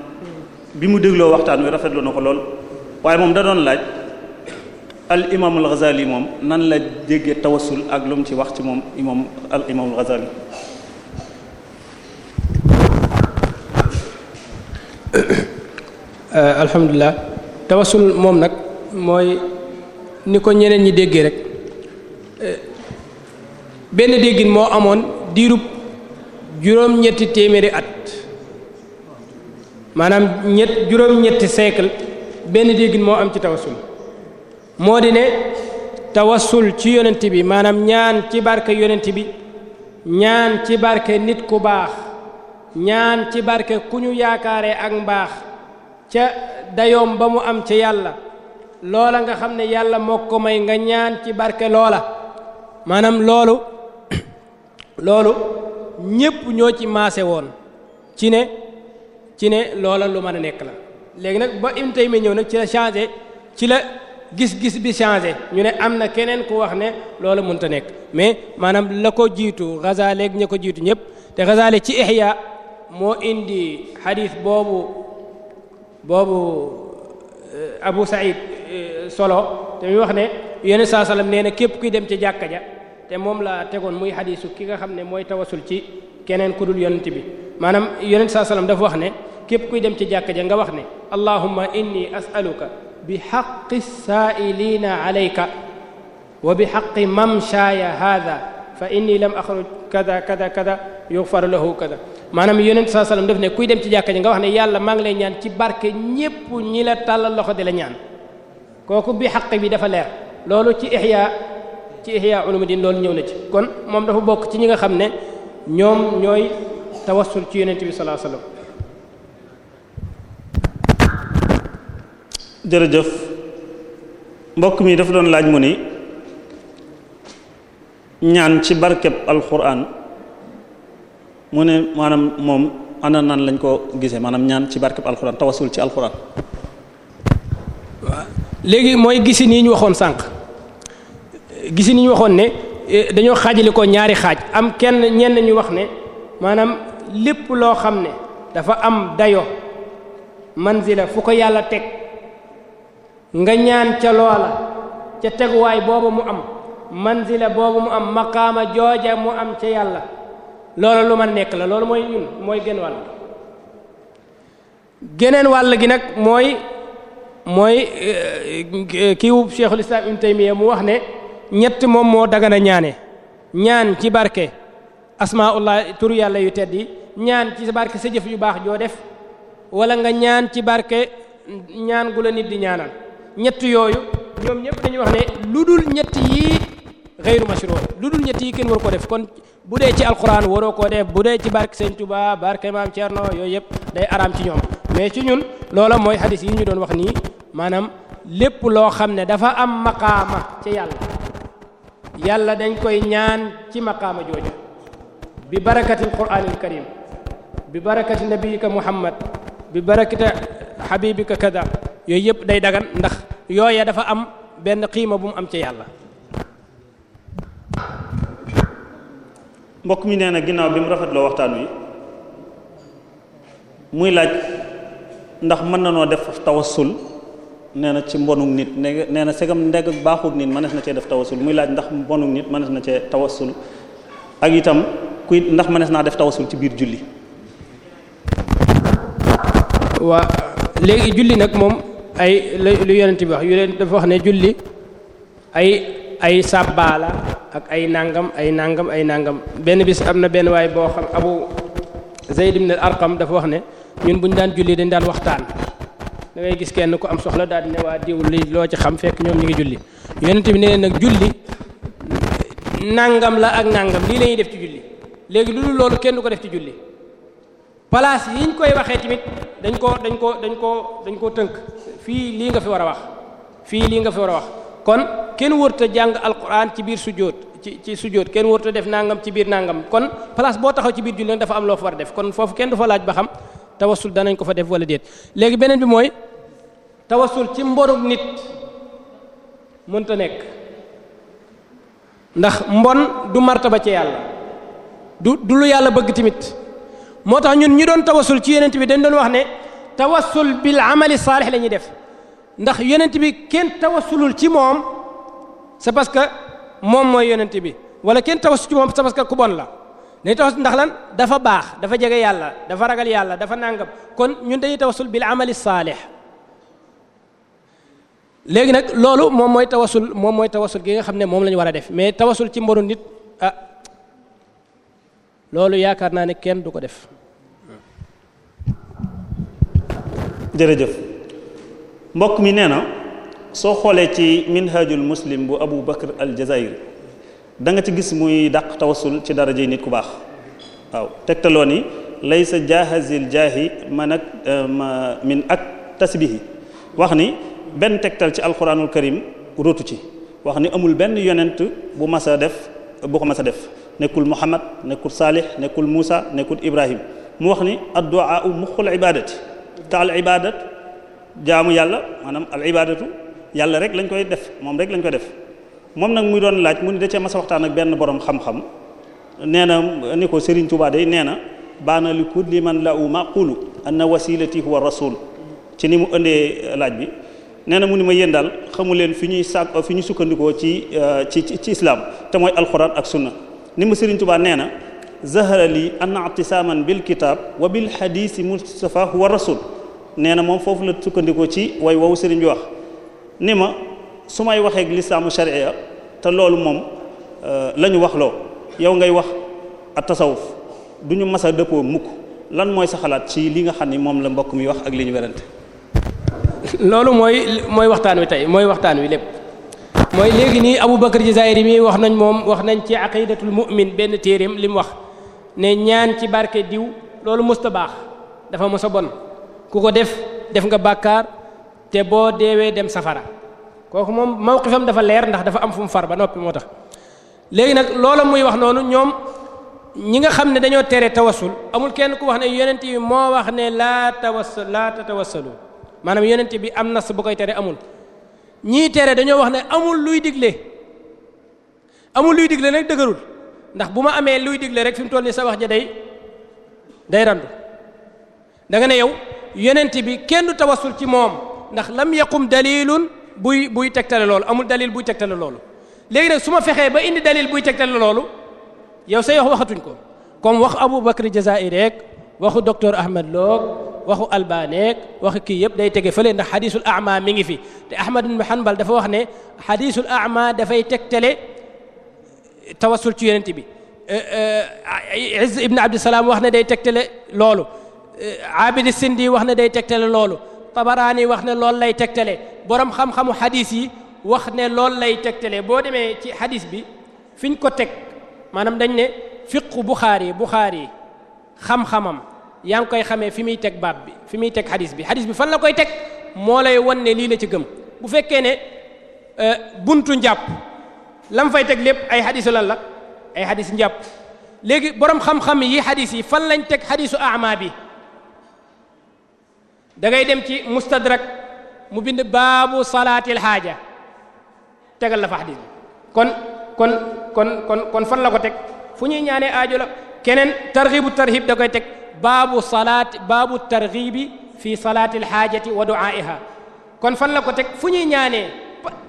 bi mu dégloo waxtaan wi rafetlu na ko lool waaye moom da doon laaj al imaam al moom nan la déggee tawassul ak lu mu wax ci moom imaam al imaam euh, tawasul moom nag mooy ni ko ñeneen ñi déggee rek euh, benn déggin moo amoon diirub juróom-ñetti téeméeri at maanaam ñett juróom-ñetti siècle benn déggin moo am ci tawassul moo di ne tawasul ci yonent bi maanaam ñaan ci barke yonent bi ñaan ci barke nit ku baax ñaan ci barke ku ñu yaakaare ak mbaax ca dayoom ba mu am ca yàlla loola nga xam ne yàlla moo ko may nga ñaan ci barke loola maanaam loolu loolu ñépp ñoo ci maase woon ci ne ci ne loola lu mën a nekk la léegi nag ba Ibn Taymiyya ñëw nag ci la changé ci la gis-gis bi changé ñu ne am na keneen ku wax ne loola mënut a nekk mais maanaam la ko jiitu Ghazali ak ña ko jiitu ñëpp te Ghazali ci Ihya moo indi xadis boobu boobu euh, Abu Saïd euh, solo te muy wax ne yenn saa salaam nee na képp kuy dem ci jàkka te moom la tegoon muy xadisu ki nga xam ne mooy tawasul ci keneen ku dul yonent bi maanaam yonent saa daf wax ne. képp kuy dem ci jàkka ja nga wax ne allahumma inni as'aluka bi xaqi saa'ilina alayka wa bi xaqi mamshaaya haada fa inni lam axruj kada kada kada yughfar lahu maanaam yonent saa sallam daf ne kuy dem ci jàkka ji nga wax ne yàlla maa ngi lay ñaan ci barke ñépp ñi la tàllal loxo di la ñaan kooku bi xaq bi dafa leer loolu ci ihya ci ihya ulumuddin loolu ñëw na ci kon moom dafa bokk ci ñi nga xam ne ñoom ñooy tawassul ci yonent bi sallallahu wasallam jërëjëf mbokk mi dafa doon laaj mu ni ñaan ci barkeb alxuraan mu ne maanaam moom ana nan lañ ko gisee maanaam ñaan ci barkeb alxuraan tawasul ci alxuraan waaw léegi mooy gisi nii ñu waxoon sànq gisi nii ñu waxoon ne e, dañoo xaajale ko ñaari xaaj am kenn ñenn ñu wax ne maanaam lépp loo xam ne dafa am dayo manzila fu ko yàlla teg nga ñaan ca loola ca teguwaay boobu mu am manzila boobu mu am makaama jooja mu am ca yàlla loolu lu ma nekk la loolu mooy ñun mooy gën wàll geneen wàll gi nag mooy mooy eh, eh, kiiwu cheikhul islam ibn taymiya mu wax ne ñett moom moo dagana ñaane ñaan ci barke asmaullah turu yàlla yu tedd yi ñaan ci barke sa jëf yu baax joo def wala nga ñaan ci barke ñaan gu la nit di ñaanal ñett yooyu ñoom ñëpp dañuy wax ne lu dul ñett yii xeyru mashru lu dul ñett yi kenn waru ko def kon bu dee ci alquran waroo ko def bu dee ci barke Sëñ Tuba barke maam noo yooyu yëpp day araam ci ñoom mais ci ñun loola mooy xadis yi ñu doon wax nii maanaam lépp loo xam ne dafa am maqaama ci yàlla yàlla dañ koy ñaan ci maqaama jooju bi barakati alquranil karim bi barakati nabiyika muhammad bi barakati habibika kada yooyu yëpp day dagan ndax yooya dafa am benn xiima bu mu am ci yàlla mbokk mi nee na ginnaaw bi mu rafet loo waxtaan wi muy laaj ndax mën na noo def tawassul nee na ci mbonuk nit nee na segam ndeg baaxut nit mënees na cee def tawassul muy laaj ndax mbonuk nit mënees na cee tawassul ak itam kuy ndax mënees naa def tawassul ci biir julli waa léegi julli nag moom ay lu yonent bi wax yu leen dafa wax ne julli ay ay la ak ay nangam ay nangam ay nangam benn bis am na benn waay boo xam abu zayd ibn al dafa wax ne ñun bu ñu daan julli dañ daan waxtaan da ngay gis kenn ku am soxla daal di ne waa diw li loo ci xam fekk ñoom ñu ngi julli yonent bi ne leen nag julli nangam la ak nangam lii lañuy def ci julli léegi lu dul loolu kenn ko def ci julli place yi ñu koy waxee tamit dañ ko dañ ko dañ koo dañ koo tënk fii lii nga fi war a wax fii lii nga fi war a wax kon kenn wërta jàng alquran ci biir sujjóot ci ci sujjóot kenn wërta def nangam ci biir nangam kon place boo taxaw ci biir julli dafa am loo fa war a def kon foofu kenn du fa laaj ba xam tawassul danañ ko fa def wala déet léegi beneen bi mooy tawassul ci mbonuk nit mënta nekk ndax mbon du martaba ci yàlla yàlla bëgg tamit moo tax ñun ñi doon tawasul ci yenent bi dañ doon wax ne tawassul bil amali saalih la ñuy def ndax yonent bi kenn tawassulul ci moom c'est parce que moom mooy yonent bi wala kenn tawassul ci moom c'est parce que bon la dañuy tawassul ndax lan dafa baax dafa jege yàlla dafa ragal yàlla dafa nàngam kon ñun dañuy tawassul bil amali saalih léegi nag loolu moom mooy tawasul moom mooy tawasul gi nga xam ne moom la war a def mais tawasul ci mboru nit ah loolu yaakaar naa ne kenn du ko def jërëjëf mbokk mi nee na soo xoolee ci minhajul muslim bu Abu Bakr al Jazair da ci gis muy daq tawasul ci daraje nit ku baax waaw tegtaloo ni laysa jaahazil jaahi man ak euh, min ak tasbihi wax ni benn tegtal ci alquranul karim rootu ci wax ni amul benn yonent bu mas def bu ko mas a def nekkul Muhammad nekkul Saalix nekkul Muusa nekkul Ibrahim mu wax ni addu'a muxul ibadati te al ibadat jaamu yàlla maanaam al ibadatu yàlla rek lañ koy def moom rek lañ koy def moom nag muy doon laaj mu ni da cee mas a waxtaan ak benn borom xam-xam nee na ni ko Serigne Touba day nee na baana li kulli man la u maqulu anna wasilati huwa rasul ci ni mu indee euh, laaj bi nee na mu ni ma yéen daal xamu leen fi ñuy sàkk fi ñu sukkandikoo euh, ci ci ci islam te mooy alquran ak sunna ni ma Serigne Touba nee na zahara li anna atisaman bil kitab wa bil hadisi mustafa huwa rasul nee na moom foofu la sukkandikoo ci way wow sëriñ bi wax ni ma su may waxee ak lislaamu sharia te loolu moom euh, la ñu wax loo yow ngay wax at tasawuf du ñu masa dëppoo mukk lan mooy sa xalaat ci li nga xam ni moom la mbokk mi wax ak li ñu werante loolu mooy mooy waxtaan wi tey mooy waxtaan wi lépp mooy léegi nii Aboubacar Jazairi mi wax nañ moom wax nañ ci aqidatul mu'min benn téeréem li mu wax ne ñaan ci barke diw loolu mës ta baax dafa mës a bon ku ko def def nga bàkkaar te boo deewee dem safara kooku moom mawqifam dafa leer ndax dafa am fu mu far ba noppi moo tax léegi nag loola muy wax noonu ñoom ñi nga xam ne dañoo tere tawasul amul kenn ku wax ne yonent bi moo wax ne laa tawas laa tatawassalu maanaam yonent bi am nas bu koy teree amul ñii tere dañoo wax ne amul luy digle amul luy digle nag dëgërul ndax bu ma amee luy digle rek fi mu toll nii sa wax ja day day randu da nga ne yow yonent bi kenn tawasul ci moom ndax lam yaqum dalilun buy buy tegtale loolu amul dalil buy tegtale loolu léegi nag su ma fexee ba indi dalil buy tegtale loolu yow say wax waxatuñ ko comme wax Abu Bakr Jazaï rek waxu docteur Ahmed Loog waxu Albaneek waxu kii yëpp day tege fële ndax xadisul ama mi ngi fi te Ahmad ibn Hanbal dafa wax ne xadisul ama dafay tegtale tawassul ci yonent bi euh, euh, Izz ibn Abdissalaam wax ne day tegtale loolu Eh, abidi sindi wax ne day tegtale loolu tabaraani wax ne loolu lay tegtale borom xam-xamu hadis yi wax ne loolu lay teg tegtale boo demee ci hadis bi fiñ ko teg maanaam dañ ne fiqu buxaari buxaari xam-xamam yaa ngi koy xamee fi muy teg baab bi fi muy teg hadis bi hadis bi fan la koy teg moo lay won ne lii la ci gëm bu fekkee ne eh, buntu njàpp lam fay teg lépp ay hadisu lan la ay hadis njàpp léegi borom xam-xam yi hadis yi fan lañ teg hadisu ama bi da ngay dem ci mustadrak mu bind baabu salaatil xaaja tegal la fa kon kon kon kon kon fan la ko teg fu ñuy ñaanee aajo la keneen tarxibu tarxib da koy teg baabu salaat baabu tarxibi fi salaatil xaajati wa duaaiha kon fan la ko teg fu ñuy ñaanee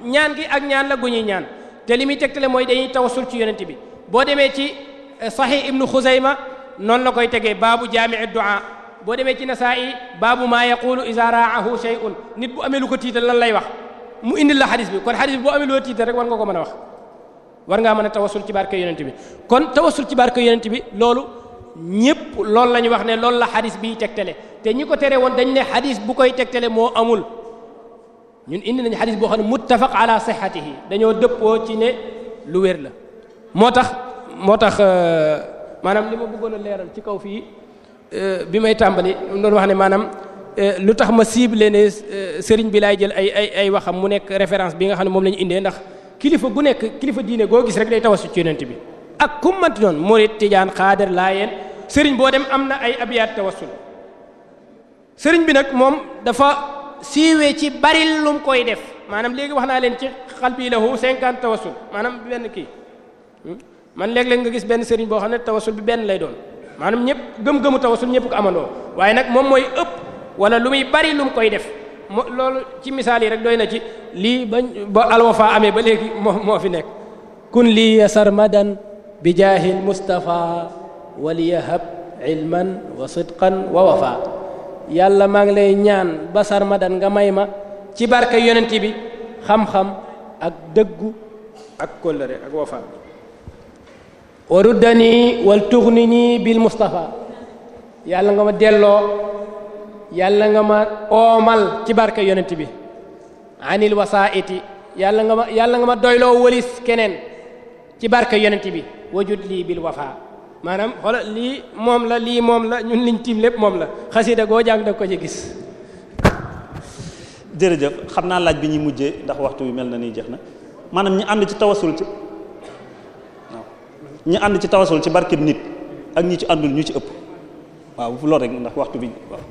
ñaan gi ak ñaan la gu ñuy ñaan te li muy tegtale mooy dañuy tawasul ci yonent bi boo demee ci eh, saxi ibnu xusayma noonu la koy tegee baabu jaamii duaa boo demee ci nasaa'i baabu maa yaqulu iza raahu shay'un nit bu amee lu ko tiital lan lay wax mu indi la xadis bi kon xadis bi boo amee lu ko tiital rek war ko mën a wax war ngaa mën a tawasul ci barke yonent bi kon tawasul ci barke yonent bi loolu ñëpp loolu la ñu wax ne loolu la xadis biy tegtale te ñi ko tere won dañ ne xadis bu koy tegtale moo amul ñun indi nañ xadis boo xam ne muttafaq ala sihatihi dañoo dëppoo ci ne lu wér la moo tax moo tax euh, maanaam li ma bëggoon a leeral ci kaw fii Euh, bi may tàmbali loolu wax ne maanaam euh, lu tax ma ciblé ne euh, sëriñ bi laay jël ay ay ay waxam mu nekk référence bi nga xam ne moom la ñu indee ndax kilifa gu nekk kilifa diine goo gis rek day tawasu ci yonent bi ak ku manti noonu murit tijaan xaadar laayeen sëriñ boo dem am na ay abiyaat tawassul bi nag moom dafa siiwee ci bari lum koy def maanaam léegi wax naa leen ci xal bii cinquante tawassul maanaam benn kii hmm? man léeg-léeg nga gis benn sëriñ boo xam ne tawassul bi benn lay doon maanaam ñëpp gëm-gëmu tawasul ñëpp ko amandoo waaye nag moom mooy ëpp wala lu muy bari lu koy def mo loolu ci misaal yi rek doy na ci lii ba ba alwafa amee ba léegi moo fi nekk kun lii sarmadan bi jaahil mustafa waliyahab ilman wa sidqan wa wafa yàlla maa ngi lay ñaan ba sarmadan nga may ma ci barke yonent bi xam-xam ak dëggu ak kóllëre ak wafa waruddanii wal tughnini bil Mustafa yàlla nga ma delloo yàlla nga ma oomal ci barke yonent bi anil wasaa'iti yàlla nga ma yàlla nga ma doyloo wëlis keneen ci barke yonent bi wajud lii bil wafa maanaam xoola lii moom la lii moom la ñun liñ tiim lépp moom la xasida goo jàng da ko ci gis jërëjëf xam naa laaj bi ñuy mujjee ndax waxtu bi mel na ni jeex na maanaam ñu ànd ci tawasul ci ñu ànd ci tawasul ci barkeb nit ak ñi ci àndul ñu ci ëpp waaw loolu rek ndax waxtu bi waaw.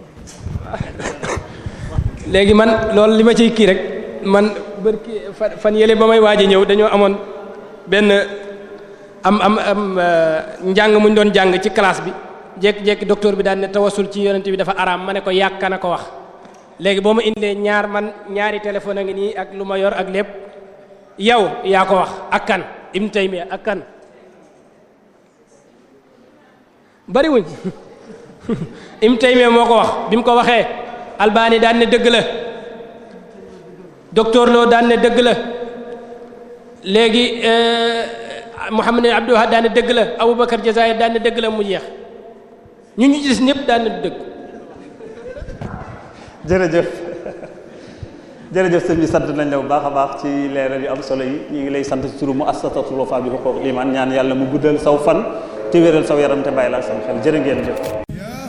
léegi man loolu li ma ciy kii rek man barki fan yële ba may waaj a ñëw dañoo amoon benn am am am euh, njàng mu ñu doon jàng ci classe bi jékki-jékki docteur bi daan ne tawasul ci yonent bi dafa araam ma ne ko yàkka na ko wax léegi boo ma indilee ñaar man ñaari téléphone a ngi nii ak lu ma yor ak lépp yow yaa ko wax ak kan Ibn Taymiya ak kan bari wuñ im tayme moo ko wax bi mu ko waxee albani daan ne dëgg la docteur Lo daan ne dëgg la léegi euh, Mouhamed Abdou Wahab daan ne dëgg la Aboubacar Jazaïr daan ne dëgg la mu jeex ñu ñu gis ñëpp daan ne dëgg. jërëjëf jërëjëf sëñ bi nañ la bu baax baax ci leeral yu am solo yi ñu ngi lay sant ci turu mu assasatul Wafa bi ko ko liman ñaan yàlla mu guddal saw fan. te wéral saw yaram te bàyyi la ak sam xel jërë ngeen jëf